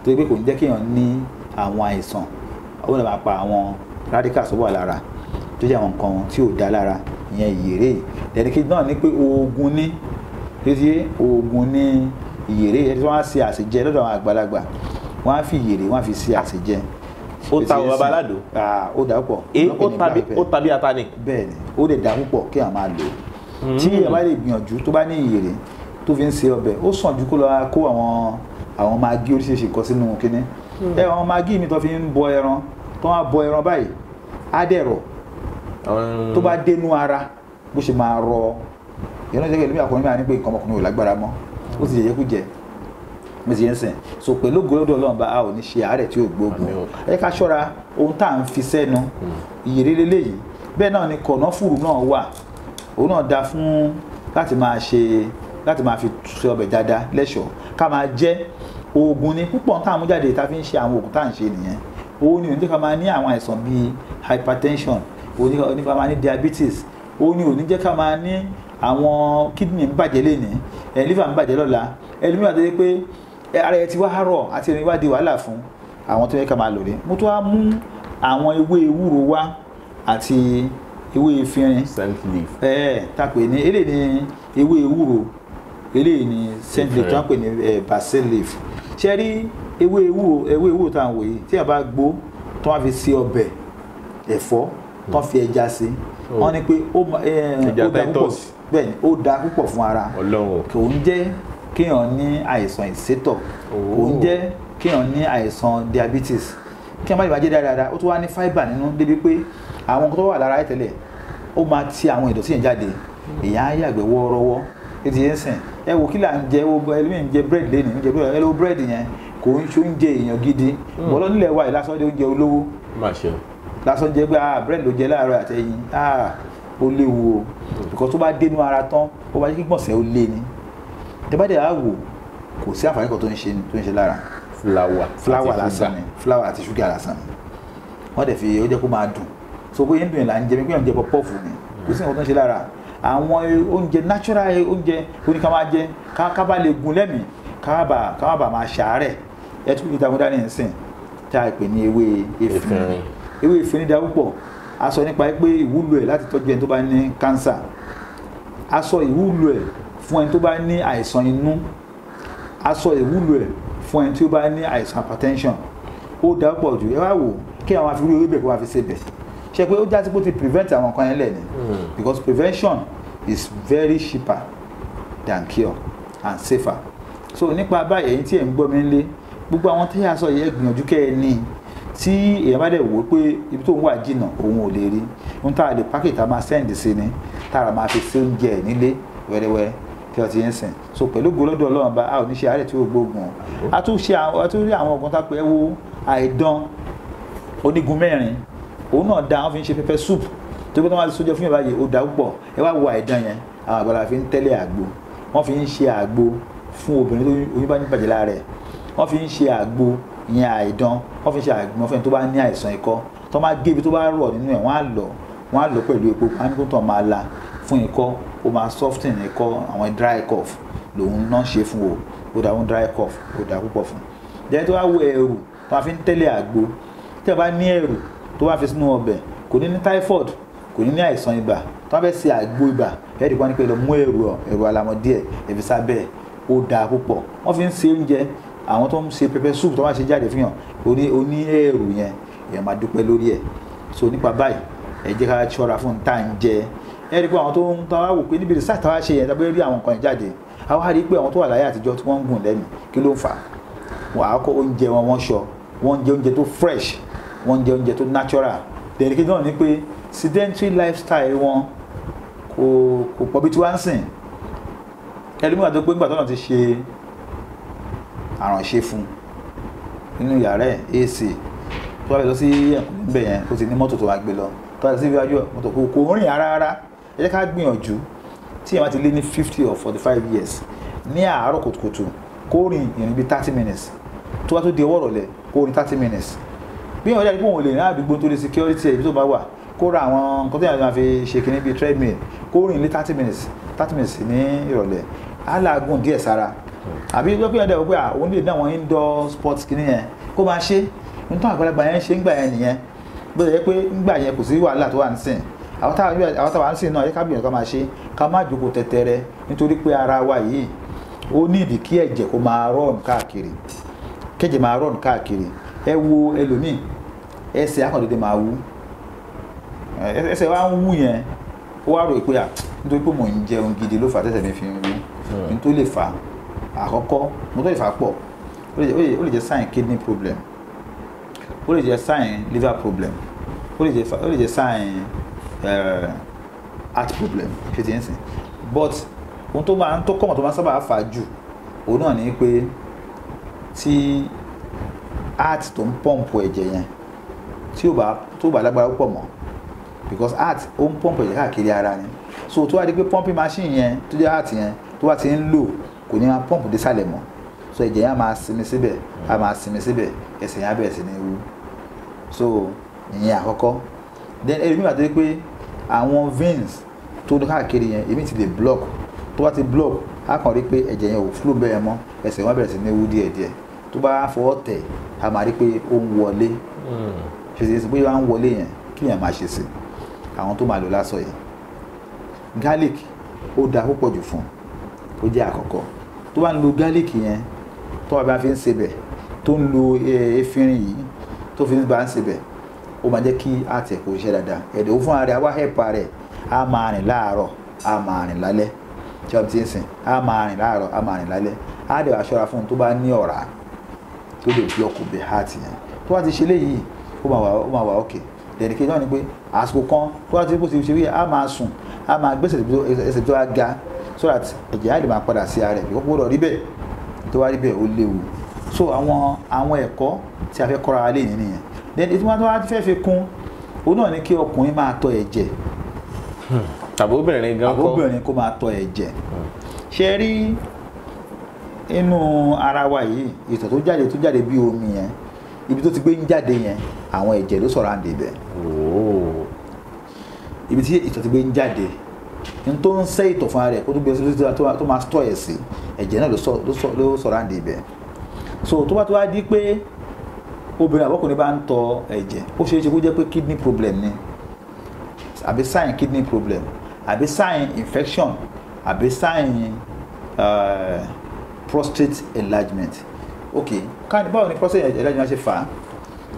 Speaker 1: torí pé kò ní jẹ́ kéèyàn ní àwọn àìsàn ó náà máa pa àwọn radicals tó wà lára tó jẹ́ àwọn nǹkan tí ò dá lára ìyẹn ìyèrè ẹnìkejì náà ní pé oògùn ní títí oògùn ní ìyèrè ẹni tí wọ́n á ṣe àṣejẹ lọ́dọ̀ àwọn àgbàlagbà wọ́n á fi ìyèrè wọ́n á fi ṣe àṣejẹ ó ta ọba aládò. ó dà púpọ̀. ó tàbí ata ni. bẹ́ẹ̀ni ó lè dà púpọ̀ kí àwọn máa lò ó hmm. tí èèyàn bá lè gbìyànjú tó bá ní ìyèrè tó fi ń ṣe ọbẹ̀ ó sàn ju kó lọ kó àwọn àwọn magí oríṣiríṣi nǹkan sínú kínní hmm. ẹ àwọn magí mi tó fi ń bọ ẹran tó wá bọ ẹran báyìí á dẹ̀ rọ̀ tó bá dénú ara bó ṣe máa rọ ìyẹn náà jẹ́ kẹ́lẹ́mí àkọ́ni máa ní pé nǹkan ọmọkùnrin ò lágbára mọ́ ó sì yẹ kú jẹ mo sì yẹn sìn so pẹ̀lú gbọ́dọ̀ ọlọ́run bá a ò ní ṣe àárẹ̀ tí ò gbóògùn ẹ ká ṣọ́ra ohun tá à ń fi sẹ́nu ìyèrè hmm. lélẹ́yìí bẹ́ẹ̀ náà ni kọ̀nọ́fùrù náà wà òun náà da fún láti máa ṣe láti máa fi ṣe ọbẹ̀ dáadáa lẹ́ṣọ̀ọ́ ká máa jẹ oògùn ni púpọ̀ tá jáde tá a fi ń ṣe àwọn oògùn tá à ń ṣe nìyẹn òun ni oníjẹ́ ká máa ní àwọn àìsàn bíi hypertension òun ni ká máa ní diabetes òun ni oníjẹ́ ká máa ní àwọn kidney ń bàjẹ́ lẹ́ni ẹ̀ eh, liver ń bàjẹ́ lọ́la ẹlòmíràn tó yẹ pé eh, ara ẹ ti wá rọ̀ àti ẹni wá di wàhálà fún àwọn tó yẹ ká máa lò rí mo tún wá mú àwọn ewé ewúro wá àti ewé efinrin scent leaf eh, ní eléyìí ni ewé ewúro eléyìí ni scent leaf tó ń pè ní basil leaf ṣe rí ewé ewúro ewé ewúro tá à ń wò yìí tí a bá gbó tó wá fi ṣe ọbẹ̀ ẹ̀fọ́ tó fi ẹja sí hmm. wọ́n ní pé ó eh, da púpọ̀ bẹ́ẹ̀ ni ó da púpọ̀ fún ara kò ń jẹ́ kéèyàn ní àìsàn ìsétọ̀ kò ń oh. jẹ́ kéèyàn ní àìsàn diabetes kí wọ́n má ìbàjẹ́ dáadáa ó tún wá ní fibre nínú débi pé àwọn tó wà lára ẹ̀ tẹ́lẹ̀ ó máa ti àwọn ìdọ̀tí yẹn jáde èyàn á yàgbẹ́ wọ́ọ́rọ́wọ́ ètò yẹn sìn ẹ wò kí là ń jẹ ẹlòmíì ń jẹ búrẹ́dì lẹ́nu ń jẹ búrẹ́dì yẹn kò ń ṣe oúnjẹ èèyàn gidi bọ́lọ́ nílẹ̀ wa ìlàsọ́jẹ́ oúnjẹ olówó lásọ́jẹ́ pé ah bread ló jẹ láàárọ̀ àtẹ̀yìn ah ó léwu o because tó bá dénú ara tán ó bá jẹ́ kí gbọ̀nsẹ̀ ó lé ni tẹ́bàdẹ̀ á wò kò sí àǹfààní kan tó ń ṣe tó ń ṣe lára fúláwà fúláwà lásán ni fúláwà àti ṣúgà lásán ni wọ́n dẹ̀ fi ó jẹ́ kó máa dùn so bóyá ń dùn yẹn là ń jẹ mi pé à ń jẹ pọpọ́ọ̀fù ni kò sí nǹkan tó ń ṣe lára àwọn oúnjẹ natural oúnjẹ oníkàmájẹ ká bá lè gun lẹ́mìí ká bá máa ṣàárẹ̀ ẹ tún kíkà fún dání ẹ̀sìn tá a pè ní ewé efinrin ewé efinrin dá púpọ̀ a sọ nípa pé ìwúlò ẹ̀ láti tọ́jú ẹni tó bá ní kánsà a sọ ìwúlò ẹ̀ fún ẹni tó bá ní àìsàn inú a sọ ìwúlò ẹ̀ fún ẹni tó bá ní àìsàn hypertension ó dá púpọ̀ jù ẹ wá wò kí àwọn afi ewé bẹ̀ kó wá fi ṣe bẹ̀ ṣe pé ó já sí pé ó ti prevent àwọn kan yẹn lẹ̀ ni hmm. because prevention is very cheaper than cure and safer so nípa báyìí ẹ̀yin tí ẹ̀ ń gbọ́ mi ń lé gbogbo àwọn tí a sọ yẹ gbìyànjú kẹ́ ẹ ní tí èèyàn bá dẹ̀ wò ó pé ibi tó ń wà jìnnà òun ò lè rí ohun tá a lè pákì tá a máa sẹ́ǹdì sí ni tá a máa fi sí oúnjẹ ẹ̀ nílé wẹ́rẹ́wẹ́rẹ́ tí wọ́n ti ń sìn so pẹ̀lú gbólọ́dọ̀ ọlọ́run bá a ò ní ṣe àárẹ̀ tí ó gbógun a tún ṣe a tún rí àwọn ọ̀gbọ́n tá a pè é wo àìdán onígun mẹ́rin òun náà da wọ́n fi ń ṣe pẹpẹ soup tó gbé tó máa sójú fún yàrá yìí ó dà púpọ̀ ẹ wá wo àìdán yẹn àwọn àgbàlá fi ń tẹ́lẹ̀ àgbo wọ́n fi ń ṣe àgbo fún obìnrin tó oyún bá ní bàjẹ́ lára rẹ̀ wọ́n fi ń ṣe àgbo ìyẹn àìdán wọ́n fi ń ṣe àgbo fẹ́ni tó bá ní àìsàn ikọ́ tó máa gé ibi tó bá rọ̀ nínú ẹ̀ wọ́n á lọ̀ wọ́n á lọ̀ pẹ̀lú epo pàmíkótọ̀ máa la fún ikọ́ ó máa soften ikọ́ àwọn dry cough lòun náà ṣe fún o ó dà fún dry cough ó dà púpọ̀ fún jẹ́ tó bá wọ ẹ̀rù tó bá fi ń tẹ́lẹ̀ àgbo tí ẹ bá ní ẹ̀rù tó bá fi sínú ọbẹ̀ kò ní ní typhoid kò ní ní àìsàn ibà tó bá fẹ́ ṣe àgbo ibà ẹ̀ẹ́dì kan lọ mú ẹ̀rù ẹ̀rù alamọ ẹ̀fíṣà bẹ́ẹ̀ ó dà púpọ̀ wọ́n fi ń ṣe oúnjẹ àwọn tó ń ṣe pẹpẹ soup tó máa ṣe jáde fihàn oní oní ẹ̀rù yẹn èèyàn máa dúpẹ́ lórí ẹ̀ so nípa báyìí ẹ jẹ́ ká ṣọ́ra fún tá à ń jẹ ẹ rí i pé àwọn tó ń tàwa wò pé níbi research tàwa ṣe yẹn tàbí rí àwọn nǹkan yẹn jáde àwọn á rí i pé àwọn tó wà láyé àtijọ́ tí wọ́n ń gùn lẹ́nu kí ló ń fà wọ́n á kó oúnjẹ wọn wọ́n ṣọ wọ́n ń jẹ oúnjẹ tó fresh wọ́n ń jẹ oúnjẹ tó natural dẹ̀rẹ̀kí náà ni pé sedentary lifestyle wọn kò kò pọ̀ bí tí wọ́n ń sìn ẹlòmíràn tó pé nígbà tó náà ti ṣe àránṣe fún nínú yàrá ẹ̀ ac tó bá bẹ lọ sí ẹ̀kúnlẹ̀ níbẹ̀ yẹn ó ti ní mọ́tò tó wá gbé lọ tó bá lọ sí iwájú mọ́tò kò kò rìn Ara. rárá ẹ jẹ́ ká gbìyànjú tí èèyàn bá ti lé ní fifty or forty five years ní àárọ̀ kùtùkùtù kó rìn ìrìn bíi thirty minutes tó bá tó di ọwọ́ rọ̀lẹ́ kó rìn thirty minutes bí èèyàn jáde pé òun lè rìn àdúgbò nítorí security ẹ̀ ibi tó bá wà kó ra àwọn nǹkan tó yàrá máa fi ṣe kìnní bíi treadmill kó rìn ní thirty minutes thirty minutes ní ìrọ̀lẹ́ á làágùn díẹ̀ sára àbí ìjọ pé ẹ̀dẹ̀ wò pé àwọn lè ní àwọn indoor sports kìíní yẹn kó máa ṣe nítorí àgbàlagbà yẹn ṣe ń gbà yẹn nìyẹn bó ṣe jẹ́ pé ń gbà yẹn kò sí wàhálà tó wà àwọn náà yẹ ká gbìyànjú ká máa ṣe ká má nítorí pé ara wa yìí ó ní ìdí kí ẹ̀jẹ̀ kó máa rọ̀n káàkiri kẹ́jẹ̀ máa rọ̀n káàkiri ẹ wo ẹlòmíì ẹsẹ̀ akọ̀dédé máa wú ẹsẹ̀ wa ń wú yẹn ó wá rò pé à nítorí pé mò ń jẹun gidi ló fà mi fi ń hmm. àkọ́kọ́ mo tó lè fà pọ̀ ó lè jẹ́ sign kidney problem ó lè jẹ́ sign liver problem ó lè jẹ́ ó lè jẹ́ sign eh, heart problem fifty but ohun tó máa ń tó kọ́mọ̀ tó máa ń sábà fà jù òun náà ni pé tí heart tó ń pọ́ǹpù ẹ̀jẹ̀ yẹn tí ò bá tó bá lágbára púpọ̀ mọ́ because heart ó ń pọ́ǹpù ẹ̀jẹ̀ káàkiri ara ni so tó wá di pé pumping machine yẹn tó jẹ́ heart yẹn tó wá ti ń lò kò ní máa pọ́ǹpù dé sálẹ̀ mọ́ so ẹ̀jẹ̀ yẹn á máa sinmi síbẹ̀ á máa sinmi síbẹ̀ ẹsẹ̀ yẹn á bẹ̀rẹ̀ sí ní wú so ìyẹn àkọ́kọ́ then ẹ̀rí mímọ̀ àti pé àwọn veins tó ní káàkiri yẹn èmi ti lè block tó bá ti block á kàn rí pé ẹ̀jẹ̀ yẹn ò flow bẹ́ẹ̀ mọ́ ẹsẹ̀ wọn bẹ̀rẹ̀ sí ní wú díẹ̀díẹ̀ tó bá fọwọ́ tẹ̀ á máa rí pé ó ń wọlé ṣèṣe hmm. pé wọ́n á ń wọlé yẹn kí yẹn máa ṣe sí àwọn tó máa lò lásọ yẹn garlic ó da púpọ̀ jù fún ó jẹ́ àkọ́kọ́ tó bá ń lo garlic yẹn tó bá fi ń sebẹ̀ tó ń lo e, efinrin yìí tó fi ń bá ń sebẹ̀ ó máa jẹ́ kí àtẹ̀ kò ṣe dáadáa ẹ̀dẹ̀ ó fún ara rẹ̀ á wá hẹ̀pà rẹ̀ á máa rìn láàárọ̀ á máa rìn lálẹ́ tí wọ́n ti ń sìn á máa rìn láàárọ̀ á máa rìn lálẹ́ á dẹ̀ wá ṣọ́ra fún un tó bá ní ọ̀rá tó lè blọ́ọ̀kù bẹ̀ heart yẹn tó bá ti ṣe léyìí ó máa wà okay dẹ̀nìkejì náà ni pé àsìkò kan tó bá ti ṣe bó ti ṣe wí á máa sùn á máa gbẹ́sẹ̀ ẹsẹ̀ tó á ga so that ẹ̀jẹ̀ á lè máa padà sí ara rẹ̀ kó gbọ́dọ̀ rí bẹ́ẹ̀ tó wá rí bẹ́ẹ̀ ó léwu so àwọn àwọn ẹ̀kọ́ tí a fẹ́ kọ́ra wa lè ní nìyẹn then ètò wọn tó wá fẹ́ fi kún òun náà ni kí ọkùnrin máa tọ ẹ̀jẹ̀ hmm. àbóbìnrin gan kọ́ àbóbìnrin kó máa tọ ẹ̀jẹ̀ hmm. ṣe rí inú ara wa yìí ìtọ̀ tó jáde tó jáde bí omi yẹn ibi tó ti gbé ń jáde yẹn àwọn ẹ̀jẹ̀ ló sọ̀rọ̀ àǹdè bẹ́ẹ̀ ibi tí ìtọ̀ ti gbé ń jáde n tó ń sẹ́ ìtọ̀ fún ara rẹ̀ kó tó gbé sórí tó máa tọ̀ ẹ̀ sí ẹ̀jẹ̀ náà ló sọ̀rọ̀ àǹdí ibẹ̀ so tó bá tó wá di pé obìnrin àbọ̀kùnrin bá ń tọ̀ ẹ̀jẹ̀ ó ṣeé ṣe kó jẹ́ pé kidney problem ni àbí sign kidney problem àbí sign infection àbí sign uh, prostate enlargement ok báwo ni prostate enlargement ṣe fà á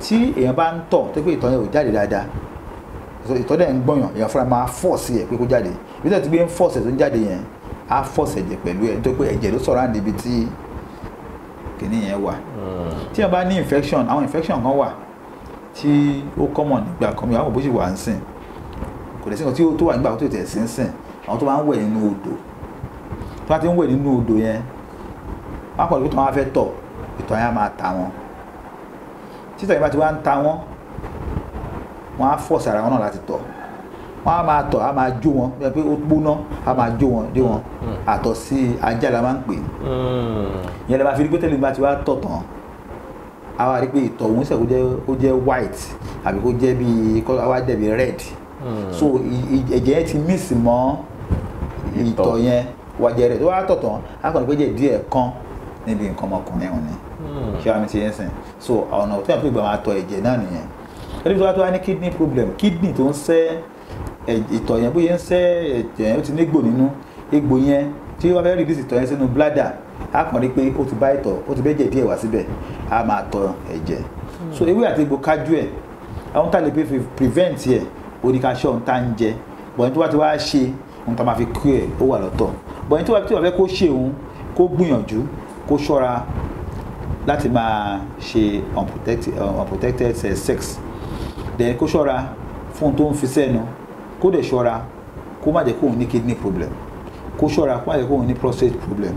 Speaker 1: tí èèyàn bá ń tọ̀ tó pé ìtọ̀ yẹn ò jáde dáadáa ìtọ́jú ẹ̀ ń gbọ̀yàn èèyàn fúnra máa fọ́ọ̀sì ẹ̀ pé kó jáde ibi tí wọ́n ti gbé ń fọ́ọ̀sì ẹ̀ tó ń jáde yẹn á fọ́ọ̀sì ẹ̀jẹ̀ pẹ̀lú ẹ̀ nítorí pé ẹ̀jẹ̀ ló sọ̀rọ̀ àǹdí ibi tí kìíní yẹn wà hmm. tí wọ́n bá ní infection àwọn infection kan wà tí ó common nígbà kan mi àwọn bó ṣì wà ń sìn kò lè sí nǹkan tí ó tó wà nígbà tó tẹ̀ sí ń sìn àwọn tó máa ń wẹ̀ nínú odò tó bá ti ń wẹ̀ nínú odò yẹn wọ́n á pọ̀ lóko tó máa fẹ́ tọ̀ ìtọ̀ yẹn á máa wọ́n á fọ̀ sára wọn náà láti tọ̀ wọ́n á máa tọ̀ á máa jó wọn bí wọ́n pé ó gbóná á máa jó wọn dé wọn mm. Mm. àtọ̀ sí ajá la máa ń pè
Speaker 2: mm.
Speaker 1: ìyẹn lè máa fi rí pé bá ti wá tọ̀ tán a wá rí pé ìtọ̀ òun sẹ̀ kó jẹ́ white àbí kó jẹ́ bíi kó wá dẹ̀ bíi red so ẹ̀jẹ̀ yẹn ti mix mọ́ ìtọ̀ yẹn wàjẹ̀ rẹ̀ tó wá tọ̀ tán á kàn pé jẹ́ díẹ̀ kan níbi nǹkan ọmọkùnrin ọ̀hún ni ṣé wàá mi ti yẹn sìn so ọ̀nà tó yàn pé ìgbà máa tọ̀ ẹ̀jẹ̀ náà nìyẹn ẹni tó bá tó wá ní kidney problem kidney tó ń sẹ́ ìtọ̀ yẹn bóyá ń sẹ́ ẹ̀jẹ̀ yẹn ó ti ní egbò nínú egbò yẹn tí wọ́n fẹ́ release ìtọ̀ yẹn sínú bladder á pọ̀n rí pé ó ti bá ìtọ̀ ó ti bẹ́jẹ̀ díẹ̀ wá síbẹ̀ á máa tọ ẹ̀jẹ̀ hmm. so ewé àti egbò kájú ẹ̀ àwọn tá a lè prevent ẹ̀ oníkaṣọ́ ń tá ń jẹ bọ̀yìn tó bá ti wá ṣe ohun tá a máa fi kú ẹ̀ ó wà lọ́tọ̀ bọ̀yìn tó bá ti wà fẹ́ kó ṣe òun kó gbìyànjú kó ṣọ́ra láti máa ṣe unprotected, uh, unprotected eh, sex then kó ṣọ́ra fún tó ń fi sẹ́nu kó dẹ̀ ṣọ́ra kó má jẹ́ kóun ní kidney problem kó ṣọ́ra kó má jẹ́ kóun ní prostate problem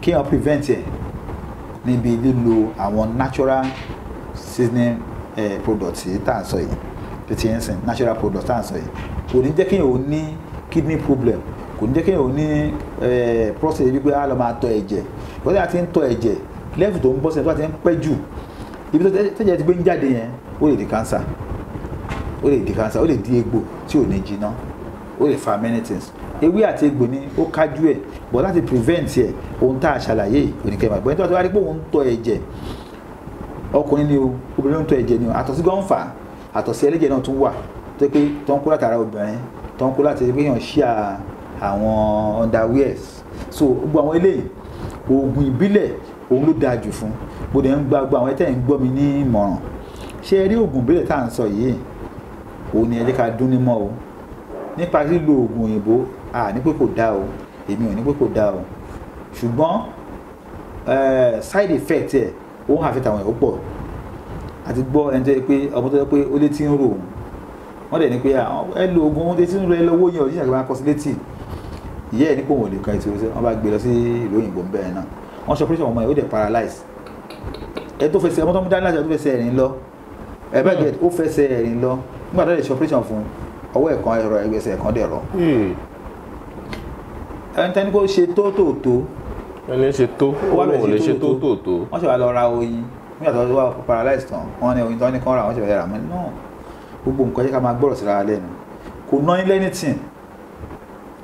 Speaker 1: kí wọ́n prevent ẹ̀ níbi lílo àwọn natural seasoning eh, products yìí tá à ń sọ yìí tètè ń natural products tá à ń sọ yìí kò ní jẹ́ kí òun ní kidney problem kò ní jẹ́ kí òun ní prostate gbígbé á lọ máa tọ ẹ̀jẹ̀ bọ́dé àti ń tọ ẹ̀jẹ̀ lẹ́fù tó ń bọ́ sẹ́yìn tó bá ti ń pẹ́ jù ibi tó tẹ́jẹ̀ ti gbé ń jáde yẹn ó lè di cancer ó lè di cancer ó lè di egbò tí ò ní jiná ó lè fa many things ewé àti egbò ni ó kájú ẹ̀ but láti prevent ẹ̀ ohun tá a ṣàlàyé oníkẹ́mà ìgbọ́n tó wá rí pé òun ń tọ ẹ̀jẹ̀ ọkùnrin ni o obìnrin ló ń tọ ẹ̀jẹ̀ ni o àtọ̀sí gan fà àtọ̀sí ẹlẹ́jẹ̀ náà tún wà tó pé tó ń kó látara obìnrin tó ń kó láti pé èèyàn ṣí àwọn underwears so gbogbo àwọn eléyìí oògùn ìbílẹ̀ òun ló dáa jù fún bó dẹ̀ ń gba gbogbo àwọn ẹ̀tẹ̀ ń gbọ́ mi ní ìmọ̀ràn ṣé ẹ rí oògùn ìbílẹ̀ tá à ń sọ yìí òun ni ẹ jẹ́ ká dún ní mọ́ o nípa lílo oògùn òyìnbó à ní pé kò dáa o èmi ò ní pé kò dáa o ṣùgbọ́n side effect ẹ̀ òun àfi tàwọn ẹ̀ ó pọ̀ àti gbọ́ ẹni tó yẹ pé ọmọ tó yẹ pé ó lé tí ń rò òun wọ́n dẹ̀ ní pé ẹ lo oògùn oúnjẹ tí ń rẹ lọ́wọ́ yẹn òjijì àgbà kọsí létí ìyá ẹ̀ ní pòun ò lè ka ìṣòro sí wọ́n bá gbé lọ sí ìlú òyìnbó bẹ́ẹ̀ náà wọ́n ṣe operation ọmọ yẹn ó dẹ̀ paralyze ẹ tó fẹsẹ̀ ọmọ tó ń dá láti ọdún fẹsẹ̀ ẹ̀rín lọ ẹ bẹ́ẹ̀ gẹ̀ ó fẹsẹ̀ ẹ̀rín lọ nígbà tó lè ṣe operation fún ọwọ́ ẹ̀kan ẹ̀rọ ẹgbẹ̀sẹ̀ ẹ̀kan dẹ̀ rọ. Hmm. ẹni tẹ́ni kó ṣe tó tó tó. ẹni ṣe tó òun ò lè ṣe tó tó tó. wọ́n ṣe wá lọ ra oyin nígbà tó wà paralyzed tán wọ́n ní oyin tó ní kán ra wọ́n ṣe fẹ́ ra mọ́ náà gbogbo nǹkan ṣe ká máa gbọ́rọ̀ síra lẹ́nu kò ná ilé anything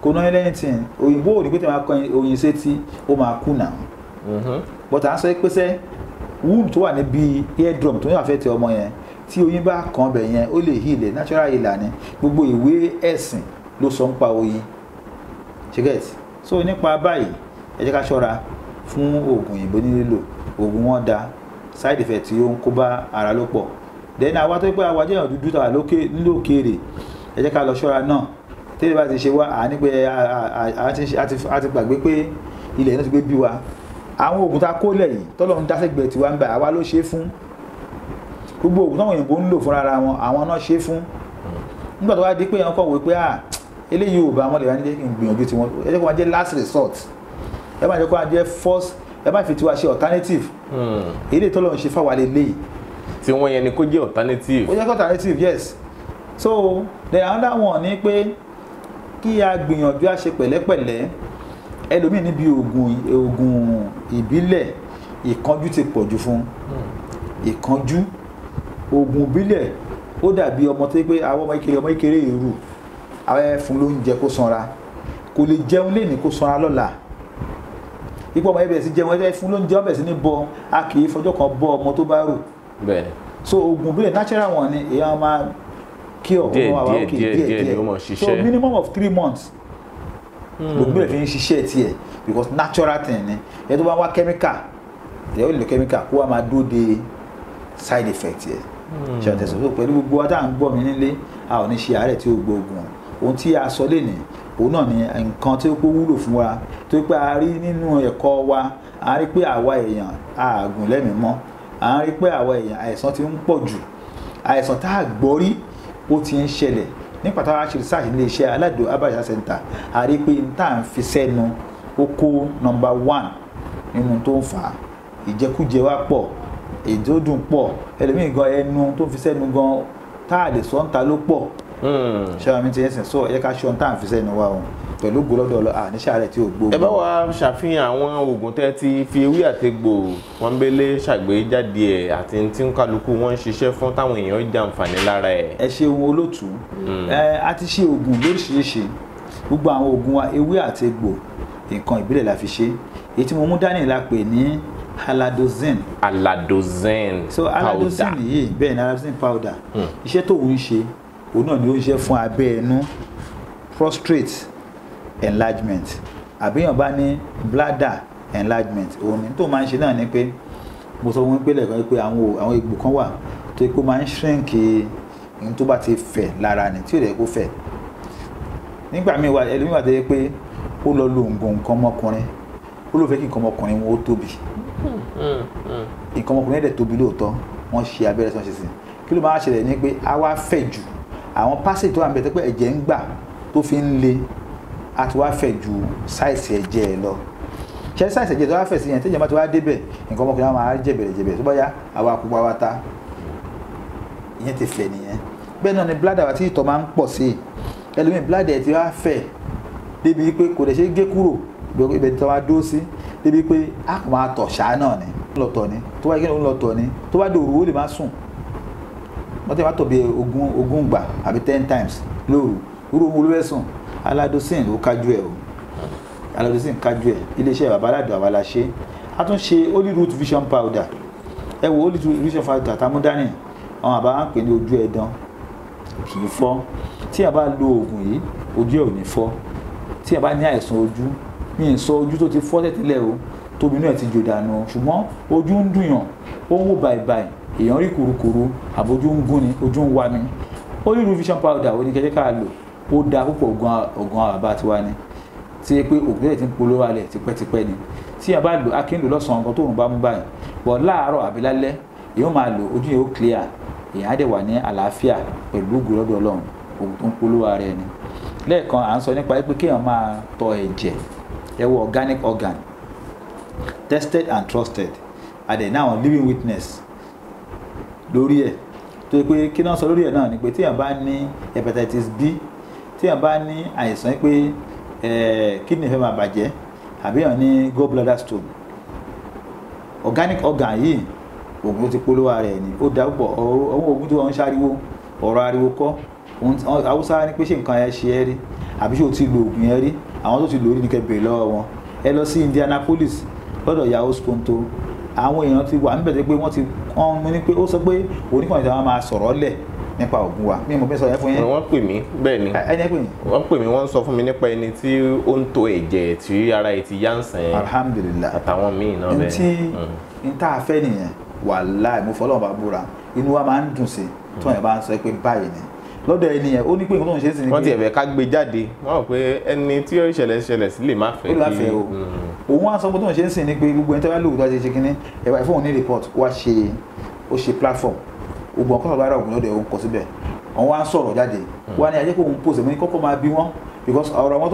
Speaker 1: kò ná ilé anything òyìnbó ò ní pé tí wọ́n á kọ oyin sétí ó máa kú nà mhm. but à ń sọ pé sẹ́ wound tó wà níbi eardrum tó ní àfẹ́ tẹ ọmọ yẹn tí oyin bá kàn bẹ̀ yẹn ó lè hí ilẹ̀ natural healer ni gbogbo ìwé ẹ̀sìn ló sọ ń pa oyin ṣẹ́gẹ̀tì so nípa báyìí ẹ jẹ́ ká ṣọ́ra fún oògùn òyìnbó ní lílò oògùn wọn da side effect tí ó ń kó bá ara ló pọ̀ then àwa tó pé àwa jẹ́ èèyàn dúdú tàwa nílò òkèèrè ẹ jẹ́ ká lọ ṣọ́ra náà tẹ́lẹ̀ bá ti ṣe wá àní pé a ti gbàgbé pé ilẹ̀ náà ti gbé bí wa àwọn oògùn tá a kó lẹ̀ yìí tọ́lọ́run dá sẹ́gbẹ̀ẹ́ tiwa ń gbà àwa ló ṣe é fún gbogbo òògùn táwọn òyìnbó ń lò fúnra ara wọn àwọn náà ṣe fún nígbà tó wá di pé ẹ̀kọ́ wò pé à eléyìí ò bá wọn lè wá nílé kí n gbìyànjú tiwọn ẹ jẹ́ kó máa jẹ́ last resort ẹ máa jẹ́ kó máa jẹ́ first ẹ máa fi tiwa ṣe alternative èyí hmm. tó lọ́n ṣe fáwa lè léyìí. tí yẹn ni kó jẹ́ alternative. ó jẹ́ alternative yes so the other one ni pé kí a gbìyànjú a ṣe pẹ̀lẹ́pẹ̀lẹ́ ẹlòmíì níbi oògùn oògùn ìbílẹ̀ ìkanjú ti pọ̀jù fún hmm. ìkanjú. Hmm oògùn ìbílẹ̀ ó dàbí ọmọ tó pé àwọn ọmọ kékeré ọmọ kékeré èrú awẹ́ fún lóúnjẹ kó sanra kò lè jẹun lénìí kó sanra lọ́la ipò ọmọ ẹbẹ̀ sí jẹun ẹbẹ̀ fún lóúnjẹ ọbẹ̀ sí ní bọ a kì í fọjọ́ kan bọ ọmọ tó bá rò so oògùn ìbílẹ̀ natural one ni èèyàn máa kí ọ̀hún àwọn àwọn òkè díẹ̀ díẹ̀ so minimum of three months hmm. gbogbo ẹ̀ fi ń ṣiṣẹ́ tiẹ̀ because natural thing ni ẹ̀ tó bá wá chemical ẹ̀ ó lè chemical kó wá máa dó side effect yẹn. Yeah.
Speaker 2: Hmm. ṣe àtẹ̀sọ́sọ́
Speaker 1: pẹ̀lú gbogbo wa tá à ń gbọ́ mi nílé a ò ní ṣe àárẹ̀ tí ó gbóògùn ohun tí a sọ lé nìí òun náà ni nǹkan tí ó pé wúlò fún wa tó pé a rí nínú ẹ̀kọ́ wa a rí pé àwa èèyàn àgùn lẹ́mìí mọ́ a rí pé àwa èèyàn àìsàn ti ń pọ̀ jù àìsàn tá a gbọ́ rí ó ti ń ṣẹlẹ̀ nípa táwa ṣe research ilé iṣẹ́ Alado Abacha Center a rí pé n tá à ń fi sẹ́nu ó kó nọmba one nínú tó ń fà á ìjẹkújẹ wa pọ̀ èdè ó dùn pọ̀ ẹlòmíì gan ẹnu tó fi sẹ́nu gan tá a lè sọ ń ta ló pọ̀ hmm. ṣáà mi ti yẹn sìn so ẹ yẹ ká ṣọ́ ń tà ń fi sẹ́nu wa o pẹ̀lú gbọ́lọ́dọ̀ lọ àníṣà rẹ̀ tí ò gbóògùn. ẹ bá
Speaker 2: wa ṣàfihàn àwọn oògùn tẹ́ ti fi ewé àtegbò pọ́nbélé ṣàgbéjáde ẹ̀ àti tí ń kálukú wọn ń ṣiṣẹ́ fún táwọn èèyàn jẹ àǹfààní lára ẹ̀.
Speaker 1: ẹ ṣe ohun olóòtú hmm. ẹ a ti ṣe oògùn lóríṣiríṣi gbogbo àwọn oògùn ewé àtegbò nǹkan ìbílẹ̀ la fi ṣe èyí tí mo mú dání la pè ní aladozin. aladozin powder so aladozin yìí bẹ́ẹ̀ ni aladozin powder hmm. iṣẹ́ tó ń ṣe òun náà ni ó ń ṣe fún abẹ́ ẹnu prostate enlargement àbíyàn bá ní bladder enlargement òun ni tó máa ń ṣe náà ni pé mo sọ wọn pé lẹ́ẹ̀kan pé àwọn àwọn egbò kan wà tó yẹ kó máa ń shrink ní tó bá ti fẹ̀ lára ni tí ò lè kó fẹ̀ nígbà míì wà ẹlòmíì wà tó yẹ pé ó lọ lo nǹkan ọmọkùnrin ó ló fẹ́ kí nǹkan ọmọkùnrin wọn ó tóbi ìkan hmm, hmm. ọmọkùnrin ẹ̀dẹ̀ tóbi lóòótọ́ wọ́n ṣe abẹ́rẹ́ tí wọ́n ṣe sí kí ló máa ṣẹlẹ̀ ni pé a wá fẹ̀ jù àwọn pásítì tó wà níbẹ̀ tó pé ẹ̀jẹ̀ ń gbà tó fi ń le a ti wá fẹ̀ ju sáìsì ẹ̀jẹ̀ ẹ̀ lọ ṣe sáìsì ẹ̀jẹ̀ tó wá fẹ̀ sí yẹn tẹ́jẹ̀ bá ti wá débẹ̀ nǹkan ọmọkùnrin àwọn máa jẹ̀bẹ̀rẹ̀ jẹ̀bẹ̀rẹ̀ tó bá yá àwa pupa wa ta ìyẹn ti fẹ̀ nìyẹn bẹ́ẹ̀ náà ni bladder wa tí ìtọ̀ máa ń pọ̀ sí ẹlòmíì bladder ti wá fẹ̀ débi pé kò dẹ̀ ṣe gé kúrò ibẹ̀ tó wá dó sí débi pé a kò máa tọ̀ ṣáá náà ni lọ tọ̀ ni tó bá yẹ kí ló ń lọ tọ̀ ni tó bá dòru ó lè má sùn wọ́n ti bá tọ̀ bí ogún ogún gbà àbí ten times lóru irú owó olúwẹ̀ sùn aladosin ló kájú ẹ̀ o aladosin kájú ẹ̀ iléeṣẹ́ bàbá aládùn àwa la ṣe a tún ṣe holy root vision powder ẹ wo holy root vision powder tamudani àwọn àbá ń pè ní ojú ẹ̀dán kì í fọ́ tí a bá lo oògùn yìí ojú ẹ̀ ò ní fọ́ tí a bá ní àìsàn ojú mi ì sọ ojú tó ti fọ́ tẹ́tẹ́lẹ̀ o tóbi náà ti jò dànù o ṣùgbọ́n ojú ń dùnyàn ó ń wò bàìbàì èèyàn rí kùrukùru àbójú ń gún ni ojú ń wá mi onírú vision powder ó ní kẹ́kẹ́ ká lò ó da púpọ̀ ògùn àbá tiwa ni tí ẹ pé ògùn tẹ̀lé ti ń polówó alẹ̀ tipẹ́tipẹ́ ni tí a bá lò á kí ń lò lọ́sàn-án nǹkan tóun bá mú báyìí bọ̀ láàárọ̀ àbí lálẹ́ èèyàn máa lò ojú yẹn ó clear èèyàn á dẹ̀ wà ní àlàáfíà pẹ̀lú ògùn lọ́dọ̀ ọlọ́run ògùn tó ń polówó ara ẹni lẹ́ẹ̀kan à ń sọ nípa pé kéèyàn máa tọ ẹ̀jẹ̀ They were organic organ tested and trusted adẹ náà wọn living witness lórí ẹ tó pé kí náà sọ lórí ẹ náà ni pé téèyàn bá ní hepatitis B téèyàn bá ní àìsàn pé kidney fẹ́ máa bàjẹ́ àbí èèyàn ní gallbladder stone organic organ yìí oògùn ti polówó ara ẹ̀ ni ó dá púpọ̀ ọwọ́ oògùn tó ń ṣáriwo ọ̀rọ̀ ariwo kọ́ haúsá ni pé ṣé nǹkan ẹ ṣe ẹ rí àbí ṣé o ti lo oògùn ẹ rí àwọn tó ti lò ó ní kẹbẹ̀rẹ̀ lọ́wọ́ wọn ẹ lọ sí Indianapolis lọ́dọ̀ yahoo sponto àwọn èèyàn ti wà níbẹ̀ pé wọ́n ti wọ́n mú ní pé ó sọ pé oníkànnì tí wọ́n máa sọ̀rọ̀ lẹ̀ nípa ògùn wa mi mo fẹ́ sọ yẹn fún yín.
Speaker 2: wọ́n pè mí bẹ́ẹ̀ ni ẹni pè mí. wọ́n pè mí wọ́n sọ fún mi nípa ẹni tí ó ń to ẹ̀jẹ̀ tí ara ẹ̀ ti yá ń sìn. alhamdulilah àtàwọn míì náà bẹ́ẹ̀. ntí
Speaker 1: mm. ntá a fẹ́ nìyẹn wàláì mo fọlọ́ọ̀ bá búra inú wa máa ń dùn sí tí wọ́n yẹn bá ń sọ pé báyìí ni lọ́dọ̀ ẹni yẹn ó ní pé nǹkan tó ń ṣe sí ni. wọ́n ti ẹ̀fẹ̀ ká gbé jáde
Speaker 2: wọ́n rò pé ẹni tí ìṣẹ̀lẹ̀ ṣẹlẹ̀ sí lè má fẹ́ kí. ó láfẹ́ o mm.
Speaker 1: òun á sọ pé tó ń ṣe sí ni pé gbogbo ẹni tó bá lóòótọ́ ṣe ṣe kínní ẹ̀wà ìfọ̀hún ní report wá ṣe ó ṣe platform ògbọ̀n kọ́kọ́ bá rà ògùn lọ́dọ̀ òun kọ síbẹ̀ àwọn wá ń sọ̀rọ̀ jáde mm. wá ní ajẹ́ kó òun pòsè mú ní kọ́kọ́ máa bí wọ́n because ọ̀rọ̀ wọn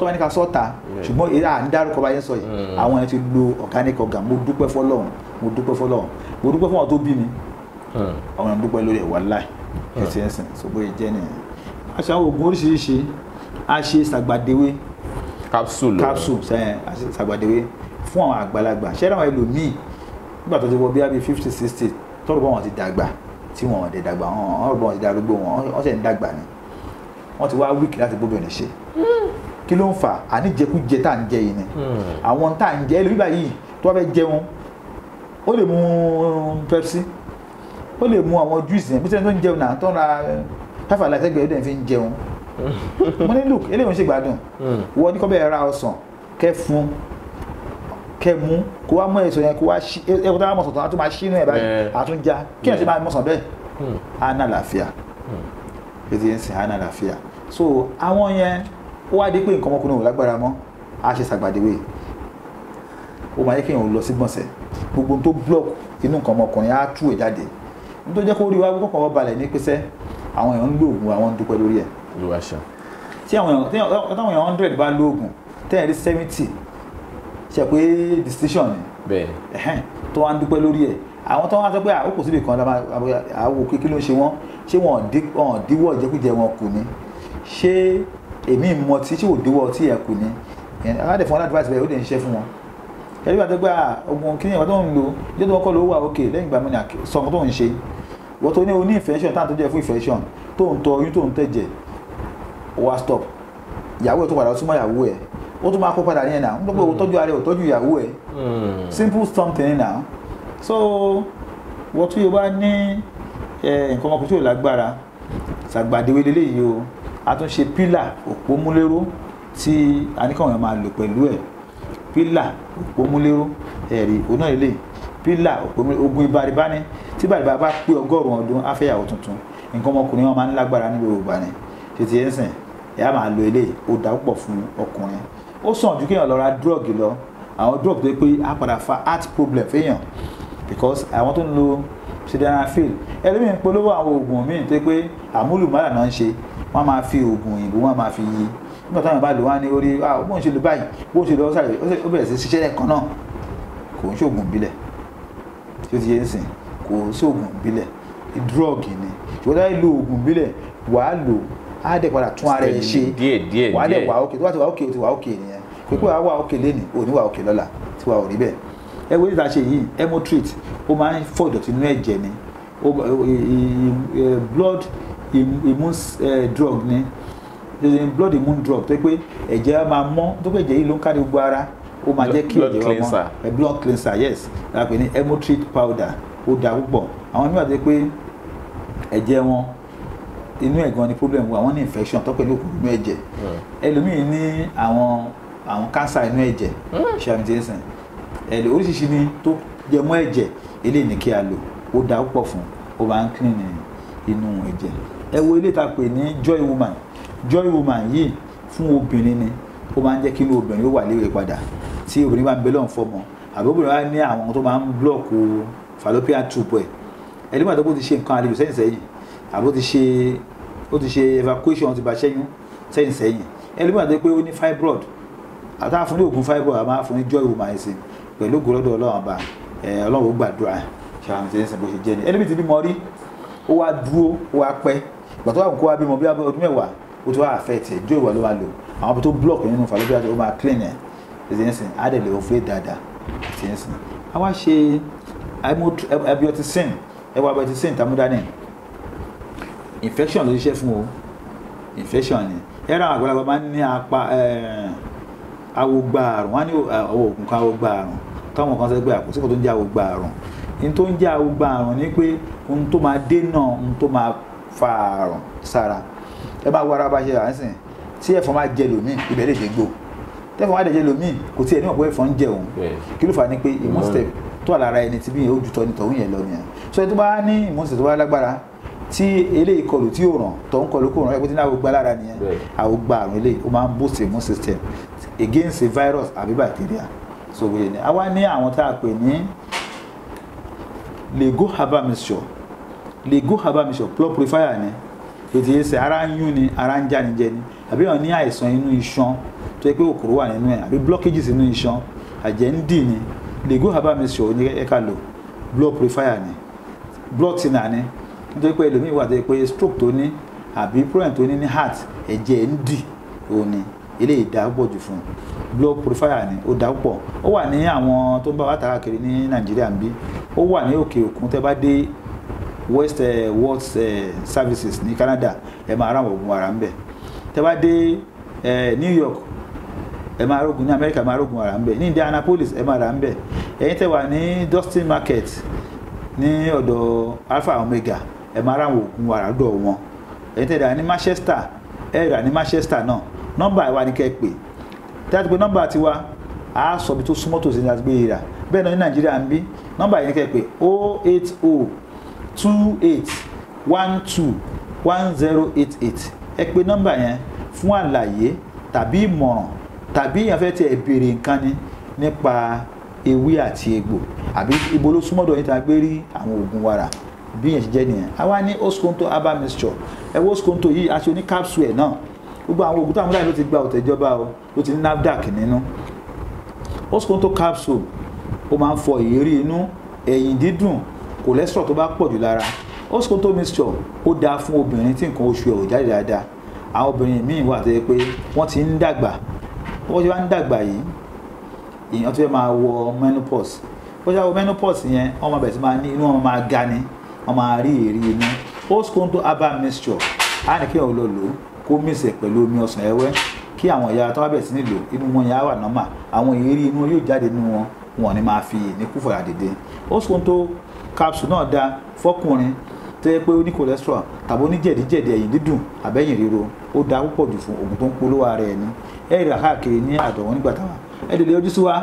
Speaker 1: tó wà ní ká sọ́ta ṣùgbọ́n èyí à ń dárúkọ báyẹn sọ yìí mm. àwọn ẹni tí lo organic mo dúpẹ́ fọlọ́run mo dúpẹ́ fọlọ́run mo dúpẹ́ fọlọ́run tó bí mi ọmọ dúpẹ́ lórí ẹ̀wà láì ẹsẹ̀ ẹsẹ̀ ṣògbó ìjẹ́ nìyẹn àṣà oògùn oríṣiríṣi a ṣe ṣàgbàdéwé capsule capsule sẹ́yìn a ṣe ṣàgbàdéwé fún àwọn àgbàlagbà ṣẹ́ra àwọn ẹlòmíì nígbà tó ti wọ bí i fifty sixty tọ́lù bọ́ wọn ti dàgbà tí wọn ò dé dàgbà wọn ọ̀rọ̀ bọ́ wọn ti darúgbó wọn wọ́n sì ń dàgbà ni wọ́n ti wá wíìkì láti bóbìnrin ṣe kí ló ń fà àníjẹkújẹ tá à ń jẹ yìí ni hmm. àwọn tá à ń jẹ ẹlòmíì báyìí tó wá fẹ́ jẹun ó lè mú Pepsi ó lè mu àwọn juice yẹn bí sẹ́ni tó ń jẹun náà tó ń ra eh, táfà láìsẹ́gbẹ̀ẹ́ ó dẹ̀ fi ń jẹun mo ní look eléyìí ń ṣe gbádùn hmm. wọ́n ní kọ́ bẹ́ẹ̀ ra ọsàn kẹ́ fún kẹ́ mú kó wá mú èso yẹn kó wá ṣí ẹ̀kọ́ tó wá mọ̀sán tó wá tó máa ṣí inú ẹ̀ báyìí àtúnjá kí ẹ̀ ṣe máa mọ̀sán bẹ́ẹ̀ á hmm. ná làáfíà ètò hmm. yẹn sì á ná làáfíà so àwọn yẹn ó wá dé pé nǹkan ọmọkùnrin ò lágbára mọ́ á ṣe ṣàgbàdéwé ó máa yẹ kéèyàn lọ sí gbọ̀nsẹ̀ gbogbo tó block inú nǹkan ọmọkùnrin á tú ẹ̀ jáde tó jẹ́ kó rí wa kọ́kọ́ wọ́n balẹ̀ ní pẹ́sẹ́ àwọn èèyàn ń lo oògùn àwọn ń dúpẹ́ lórí ẹ̀. tí àwọn èèyàn táwọn èèyàn hundred bá lo oògùn tẹ́yìn rí seventy ṣe pé decision ni tó wá ń dúpẹ́ lórí ẹ̀ àwọn tó wá sọ pé àwòkù síbi kan àwò kí ló ń ṣe wọ́n ṣé wọn ò díwọ́ ìjẹkújẹ wọn kù ni ṣé èmi mọtí ṣé ò díwọ́ ọtí ẹ̀ kù ni àwọn àdẹ̀fọ́n advice bẹ́ẹ̀ ó lè ń ṣiṣẹ́ fún wọn ẹ̀rí bàtẹ́ gbà ah, ogun kí ni ìwà tó ń lò jẹ́ tó kọ́ ló wà òkè lẹ́yìn ìgbà mọ́ni ah, sọ nǹkan tó ń ṣe wọ́n tó ní oní infection táwọn tó jẹ́ fún infection tó ń tọ oyún tó ń tẹ̀jẹ̀ wá stop ìyàwó ẹ̀ tó padà súnmọ́ ìyàwó ẹ̀ ó tún máa kó padà ní ẹ̀ náà nítorí owó hmm. tọ́jú ara ẹ̀ ò tọ́jú ìyàwó ẹ̀ hmm. simple something náà so wọ́n tún yóò bá ní nǹkan ọkùnrin tí ò lágbára ṣàgbàdéwé lélẹ́yìí o a tún ṣe pílà òpómúléró tí aníkàwọn máa lò pẹ̀lú ẹ̀ pílà òpómúlérò ẹ̀rí oná ilé pílà ogun ibàrìbá ni tí bàrìbá bá pé ọgọ́rùn-ún ọdún afẹ́yàwó tuntun nǹkan ọmọkùnrin wọn máa ń lágbára ní yorùbá ni tètè ẹ̀ ń sìn ẹ̀ á máa lo ilé ó dà púpọ̀ fún ọkùnrin ó sàn ju kéèyàn lọ ra drọ́ọ̀gì lọ àwọn drọ́ọ̀gì tó yẹ pé á padà fa heart problem fẹ́yàn because àwọn tó ń lo sildenafil ẹlẹ́mìí polówó àwọn oògùn míì tó yẹ pé àmúlùmọ́là náà ń ṣe wọ́n máa fi oògùn òyìnbó wọ́n máa fi yí nígbà táwọn bá lò wá ní orí bó ń ṣe lò báyìí bó ń ṣe lò ọ́ sàrè ó bẹ̀rẹ̀ sí ṣiṣẹ́ lẹ́ẹ̀kan náà kò ń ṣoògùn ìbílẹ̀ tí ó ti yé ń sìn kò ń ṣoògùn ìbílẹ̀ dírọ́ọ̀gì ni ṣùgbọ́n táwọn lo oògùn ìbílẹ̀ wàá lò á dẹ̀ padà tún ara ẹ̀ ṣe wàá dẹ̀ wà ókè tó bá ti wà ókè o ti wà ókè nìyẹn pípé wàá wà ókè lénìí òní wà ókè lọ́la tí wàá ò rí bẹ́ẹ̀ ẹ blood immune eh, drug ni blood in moon drop tó pé ẹ̀jẹ̀ á máa mọ́ tó pé ẹ̀jẹ̀ yìí ló ń kárí gbogbo ara ó máa jẹ́ kí ẹ̀jẹ̀ wa mọ́ eh, blood cleanser yes la pè ní hemotrit powder ó da púpọ̀ àwọn mìíràn tó pé ẹ̀jẹ̀ wọn inú ẹ̀gan ni problem wà wọ́n ní infection tó pé ní òkùnkùn inú ẹ̀jẹ̀ hmm. ẹlòmíì ní àwọn àwọn cancer inú ẹ̀jẹ̀ hmm. ṣàmì ẹ̀lò oríṣiríṣi ni tó jẹ mọ́ ẹ̀jẹ̀ eléyìí ni kí a lò ó da púpọ̀ fún ó máa ń clean inú ẹ̀jẹ̀ ẹ wo ilé ta pè ní joy woman joy woman yìí fún obìnrin ni ó máa ń jẹ́ kí inú obìnrin ó wà léwe padà tí obìnrin bá ń bẹ lọ́n fọmọ àbí obìnrin bá ní àwọn tó máa ń blọ́ọ̀kù fallopian tube ẹ̀ ẹlẹ́mọ̀ tó kó ti ṣe nǹkan àlejò sẹ́yìn sẹ́yìn àbí ó ti ṣe ó ti ṣe evacuation ti bá ṣẹ́yún sẹ́yìn sẹ́yìn ẹlẹ́mọ̀ tó pé ó ní fibroid àtàwọn fún oògùn fibroid àmọ́ fún ní joy woman ẹ̀sìn pẹ̀lú ògùn lọ́dọ̀ ọlọ́run ọba ọlọ́run ó gbàdúrà ṣàwọn ti ṣe bó ṣe jẹ́ ni ẹlẹ́mì ti bímọ rí ó wá ó ti wá affect ẹ̀ jó ìwà ló wá lò àwọn ibi tó block nínú ìfà lójú o ó máa clean ẹ̀ ẹ̀sìn ẹ̀sìn á dẹ̀ lè ovulate dáadáa ẹ̀sìn ẹ̀sìn á wá ṣe abiotisin ẹwà abiotisin tamudani infection ló ṣiṣẹ́ fún o infection ni ẹ̀rọ àgbàlagbà máa ń ní apá awogba àrùn wọ́n á ní àwọn oògùn kan awogba àrùn táwọn kan sọ pé àkóso kan tó ń jẹ́ awogba àrùn ní tó ń jẹ́ awogba àrùn ni pé ohun tó máa dènà ohun tó máa fa àrùn sára ẹ bá wọra bá ṣe à ń sìn tí ẹ̀fọn máa jẹ lòmíì ibẹ̀ lè dé gbò tẹ́fọn máa jẹ lòmíì kò tí ẹ̀ níwọ̀n pé ẹ̀fọn ń jẹ òun kí ló fà ní pé immune system tó wà lára ẹni tí bí yẹn ó ju tọ́ni tọ̀hún yẹn lọ nìyẹn so ẹni tó bá ní immune system tó bá lágbára tí eléyìí kọlù tí ò ràn tó ń kọlù kò ràn ẹ pé tí ní àwọn lára nìyẹn àwọn àrùn eléyìí ó máa ń boost immune against a virus àbí bacteria so wòye ni àwa ní àwọn tá a pè ní lego herbal mixture lego herbal mixture pure purifier ni ètò yìí si ara ń yún ni ara ń jànijẹ ni àbí wọn ní àìsàn inú iṣan tó yẹ pé kòkòrò wà nínú ẹ àbí blockages inú iṣan ni lego herbal mixture ò ní ẹ̀ka lò blood purifier ni blood thinner ni nítorí pé ẹlòmíì wà tó yẹ pé stroke tó ní àbí problem tó ní ní heart ẹ̀jẹ̀ ń dì òun ni eléyìí dá pọ̀ jù fún un blood ni ó dá pọ̀ ó wa ní nàìjíríà ń bí ó wà ní òkè òkun tẹ́ bá dé west uh, world uh, services ní canada ẹ máa ra àwọn oògùn ara ń bẹ̀ tẹ́ bá dé eh, new york ẹ máa rogun ní america ẹ máa rogun ara ń bẹ̀ ní indianapolis ẹ máa ra ń bẹ̀ ẹ̀yin tẹ́ wà ní dustin market ní ọ̀dọ̀ alpha omega ẹ máa ra àwọn oògùn ara dọ̀ wọn ẹ̀yin tẹ́ dà ní manchester ẹ rà ní manchester náà nọ́mbà wa ni kẹ́ ẹ pè tí a ti pe nọ́mbà tiwa a sọ ibi tó súnmọ́ tòsí ní àti gbé rà bẹ́ẹ̀ náà ní nàìjíríà ń bí nọ́mbà yẹn kẹ́ ẹ pè 080 two eight one two one zero eight eight ẹ pè nọ́mbà yẹn fún àlàyé tàbí ìmọ̀ràn tàbí èèyàn fẹ́ tiẹ̀ béèrè nǹkan ni nípa ewé àti egbò àbí ibo ló súnmọ́dọ̀ yín tá a gbé rí àwọn oògùn wàrà bí yẹn ṣe jẹ́ nìyẹn àwa ní oskonto herbal mixture ẹ wo oskonto yìí aṣọ ní capsule ẹ̀ náà gbogbo àwọn oògùn táwọn ló ti gba òtẹ̀jọba o ló ti ní NAFDAC nínú oskonto capsule ó máa ń fọ èérí inú ẹ̀yìn dídùn cholesterol tó bá pọ̀ jù lára oscoto mixture ó dáa fún obìnrin tí nǹkan oṣù ẹ̀ ò jáde dáadáa àwọn obìnrin míì wà tó yẹ pé wọ́n ti ń dàgbà wọ́n ti wá ń dàgbà yìí èèyàn tó fẹ́ máa wọ menopause bó ṣe wọ menopause yẹn wọ́n máa bẹ̀rẹ̀ sí máa ní inú wọn máa ga ni wọ́n máa rí èrí inú oscoto herbal mixture á ní kí wọ́n lọ lò ó kó mix ẹ̀ pẹ̀lú omi ọsàn ẹ̀wẹ́ kí àwọn ìyá tó bá bẹ̀rẹ̀ sí nílò inú wọn yẹn á wà nọ́mà àwọn èrí inú yóò jáde nínú wọn wọn ni máa fi ní kúfọ̀rà dìde oscoto capsule náà da fọkùnrin tó yẹ pé ó ní cholesterol tàbí ó ní jẹ̀díjẹ̀dí ẹ̀yìn dídùn àbẹ́yìn ríro ó da púpọ̀ jù fún oògùn tó ń polówó ara ẹ̀ ní ẹ̀ rà káàkiri ní àdọ̀wọ́n nígbà táwa ẹ̀ lè yọjú sí wa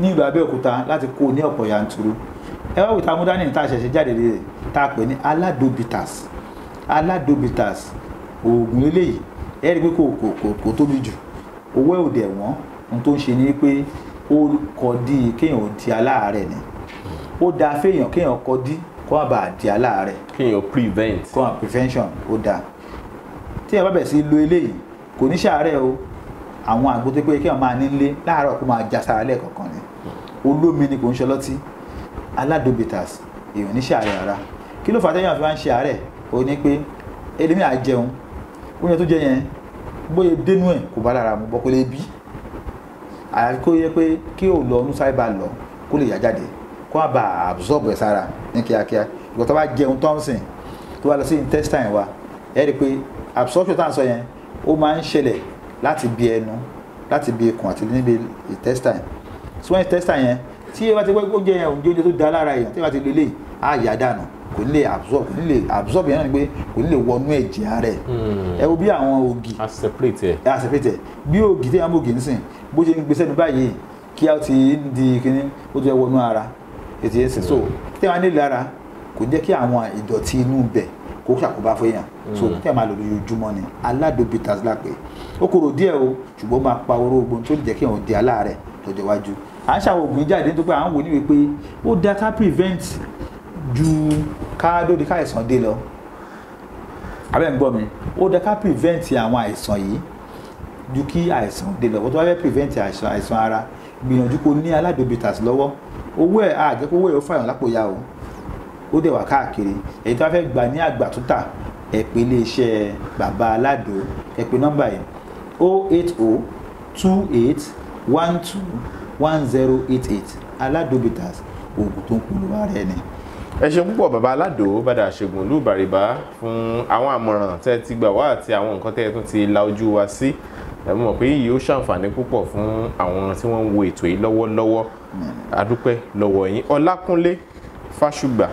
Speaker 1: ní ìlú Abẹ́òkúta láti kó o ní ọ̀pọ̀ yanturu ẹ wá wìtá múdání tá a ṣẹ̀ṣẹ̀ jáde rẹ̀ tá a pè ní aladobitas aladobitas oògùn eléyìí ẹ rí pé kò kò kò kò tóbi jù owó ẹ̀ ò dẹ̀ ohun tó ń ṣe ni pé ó kọ́ dí kéèyàn ò aláàárẹ̀ ni ó dáa fẹ́yàn kéèyàn kọ́ dí kó má bàa di aláàárẹ̀. kéèyàn prevent. kó má prevention ó dáa téèyàn bá bẹ̀rẹ̀ sí lo eléyìí kò ní ṣàárẹ̀ o àwọn àgbo tó pé kéèyàn máa nílé láàárọ̀ kó máa já sára lẹ́ẹ̀kọ̀ọ̀kan ni olómi ni kò ń ṣọlọ́tí aládùbitas èèyàn ní ṣàárẹ̀ ara kí ló fà téèyàn fi máa ń ṣàárẹ̀ o ní pé elémi à jẹun oúnjẹ tó jẹ yẹn bóyá dénú ẹ̀ kò bá lára mu bọ́ kó lè bí àyàfi kó yẹ pé kí òun lọ ọdún sáré bá lọ kó lè yá jáde kó àbà absorb ẹ̀ sára ní kíákíá ìgbà tó bá jẹun thompson tó wá lọ sí intestine wa ẹ rí i pé absorption tá à ń sọ yẹn ó máa ń ṣẹlẹ̀ láti bí ẹnu láti bí ikùn àti níbi intestine so wọ́n intestine yẹn tí ẹ bá ti wọ́n oúnjẹ yẹn oúnjẹ tó da lára èèyàn tí ẹ bá ti lè á yà dànù kò ní lè absorb kò ní lè absorb yẹn náà ni pé kò ní lè wọnú ẹ̀jẹ̀ rẹ̀ hmm. ẹ wo bí àwọn ògì a separate ẹ a separate bí ògì tí ẹ bá mú ògì ń bó ṣe ń gbé sẹ́nu báyìí kí a ti di kíní ó ti wọnú ara ètò yẹn sìn so mm. tẹ́ wàá ní lára kò jẹ́ kí àwọn ìdọ̀tí inú bẹ̀ kó ṣàkóbá fún èèyàn so mm. tẹ́ máa lò lójoojúmọ́ ni aládòbí tàbí lápẹ́ ó korò díẹ̀ o ṣùgbọ́n máa pa oró ogun tó jẹ́ kí èèyàn di aláàárẹ̀ lọ́jọ́ iwájú à ń ṣàwọn oògùn jáde nítorí pé à ń wò níwèé pé ó dáa ká prevent ju ká lóde ká àìsàn dé lọ abẹ́ ń gbọ́ mi ó dáa ká prevent àwọn àìsàn yìí ju kí àìsàn dé lọ wọ́n tó wá prevent àìsàn ara gbìyànjú kó ní aládòbí tàbí lọ́wọ́ owó ẹ̀ àjẹ́ kó owó ẹ̀ ó fàyàn lápò ya o ó dẹ̀ wà káàkiri èyí tó bá fẹ́ gbà ní àgbà tó tà ẹ pè ilé iṣẹ́ bàbá aládò ẹ pè nọ́mbà yìí o oh eight o oh two eight one two one zero eight eight aládò bitters oògùn tó ń polówó ara ẹni ẹ ṣe púpọ̀ bàbá
Speaker 2: aládò bàdà ṣègùn ìlú ìbàrìbá fún àwọn àmọ̀ràn tẹ́ ti gbà wá àti àwọn nǹkan tẹ́ tún ti la ojú wa sí ẹ mọ̀ pé yìí ó ṣàǹfààní púpọ̀ fún àwọn tí wọ́n ń wo ètò yìí lọ́wọ́lọ́wọ́ adúpẹ́ lọ́wọ́ yín Ọlákúnlé Fásùgbà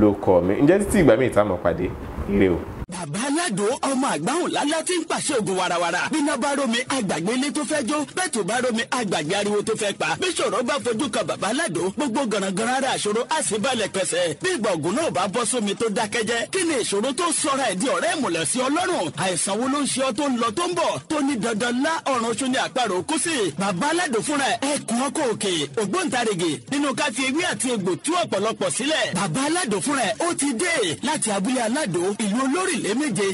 Speaker 2: ló kọ mi ǹjẹ́ títí ìgbà mi ìta mọ̀ pàdé ire o.
Speaker 3: bàbá aládùn ọmọ àgbáhùn lálá tí ń pàṣẹ ògùn warawara bíná bá romi àgbàgbé ilé tó fẹ́ jó bẹ́ẹ̀ tó bá romi àgbàgbé ariwo tó fẹ́ pa bí sọ̀rọ̀ bá fojú kan bàbá aládùn gbogbo gànàgànà ara àṣòro á sì balẹ̀ pẹ̀sẹ̀ bí ìgbà ògùn náà bá bọ́ sómi tó dákẹ́jẹ́ kí ni ìṣòro tó sọra ẹ̀dí ọ̀rẹ́ ìmùlẹ̀ sí ọlọ́run àìsàn wo ló ń ṣe ọ tó ń lọ tó ń bọ̀ tó ní dandan lá ọ̀run oṣù ní àparò kú sí ti dé láti abúlé aládùn ìlú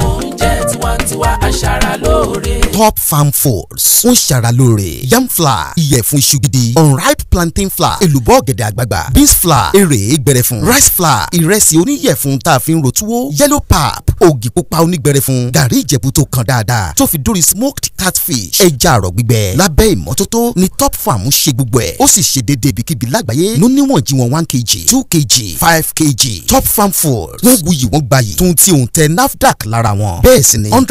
Speaker 3: tiwa aṣara top farm foods ń ṣara yam flour ìyẹ̀fun iṣu gidi unripe plantain flour èlùbọ́ ọ̀gẹ̀dẹ̀ àgbagbà beans flour èrè gbẹrẹfun rice flour ìrẹsì oníyẹ̀fun tá a fi ń rotuwo yellow pap ògì pupa onígbẹrẹfun gàrí ìjẹ̀bú tó kan dáadáa tó fi dórí smoked catfish ẹja àrọ̀ gbígbẹ lábẹ́ ìmọ́tótó ni top farm ṣe gbogbo ẹ̀ ó sì ṣe déédéé ibikíbi lágbàáyé ló níwọ̀n jí wọn one kg two kg five kg top farm foods wọ́n wuyì wọ́n gbayì tuntun tí òun tẹ nafdac lára wọn bẹ́ẹ̀ sì ni hundred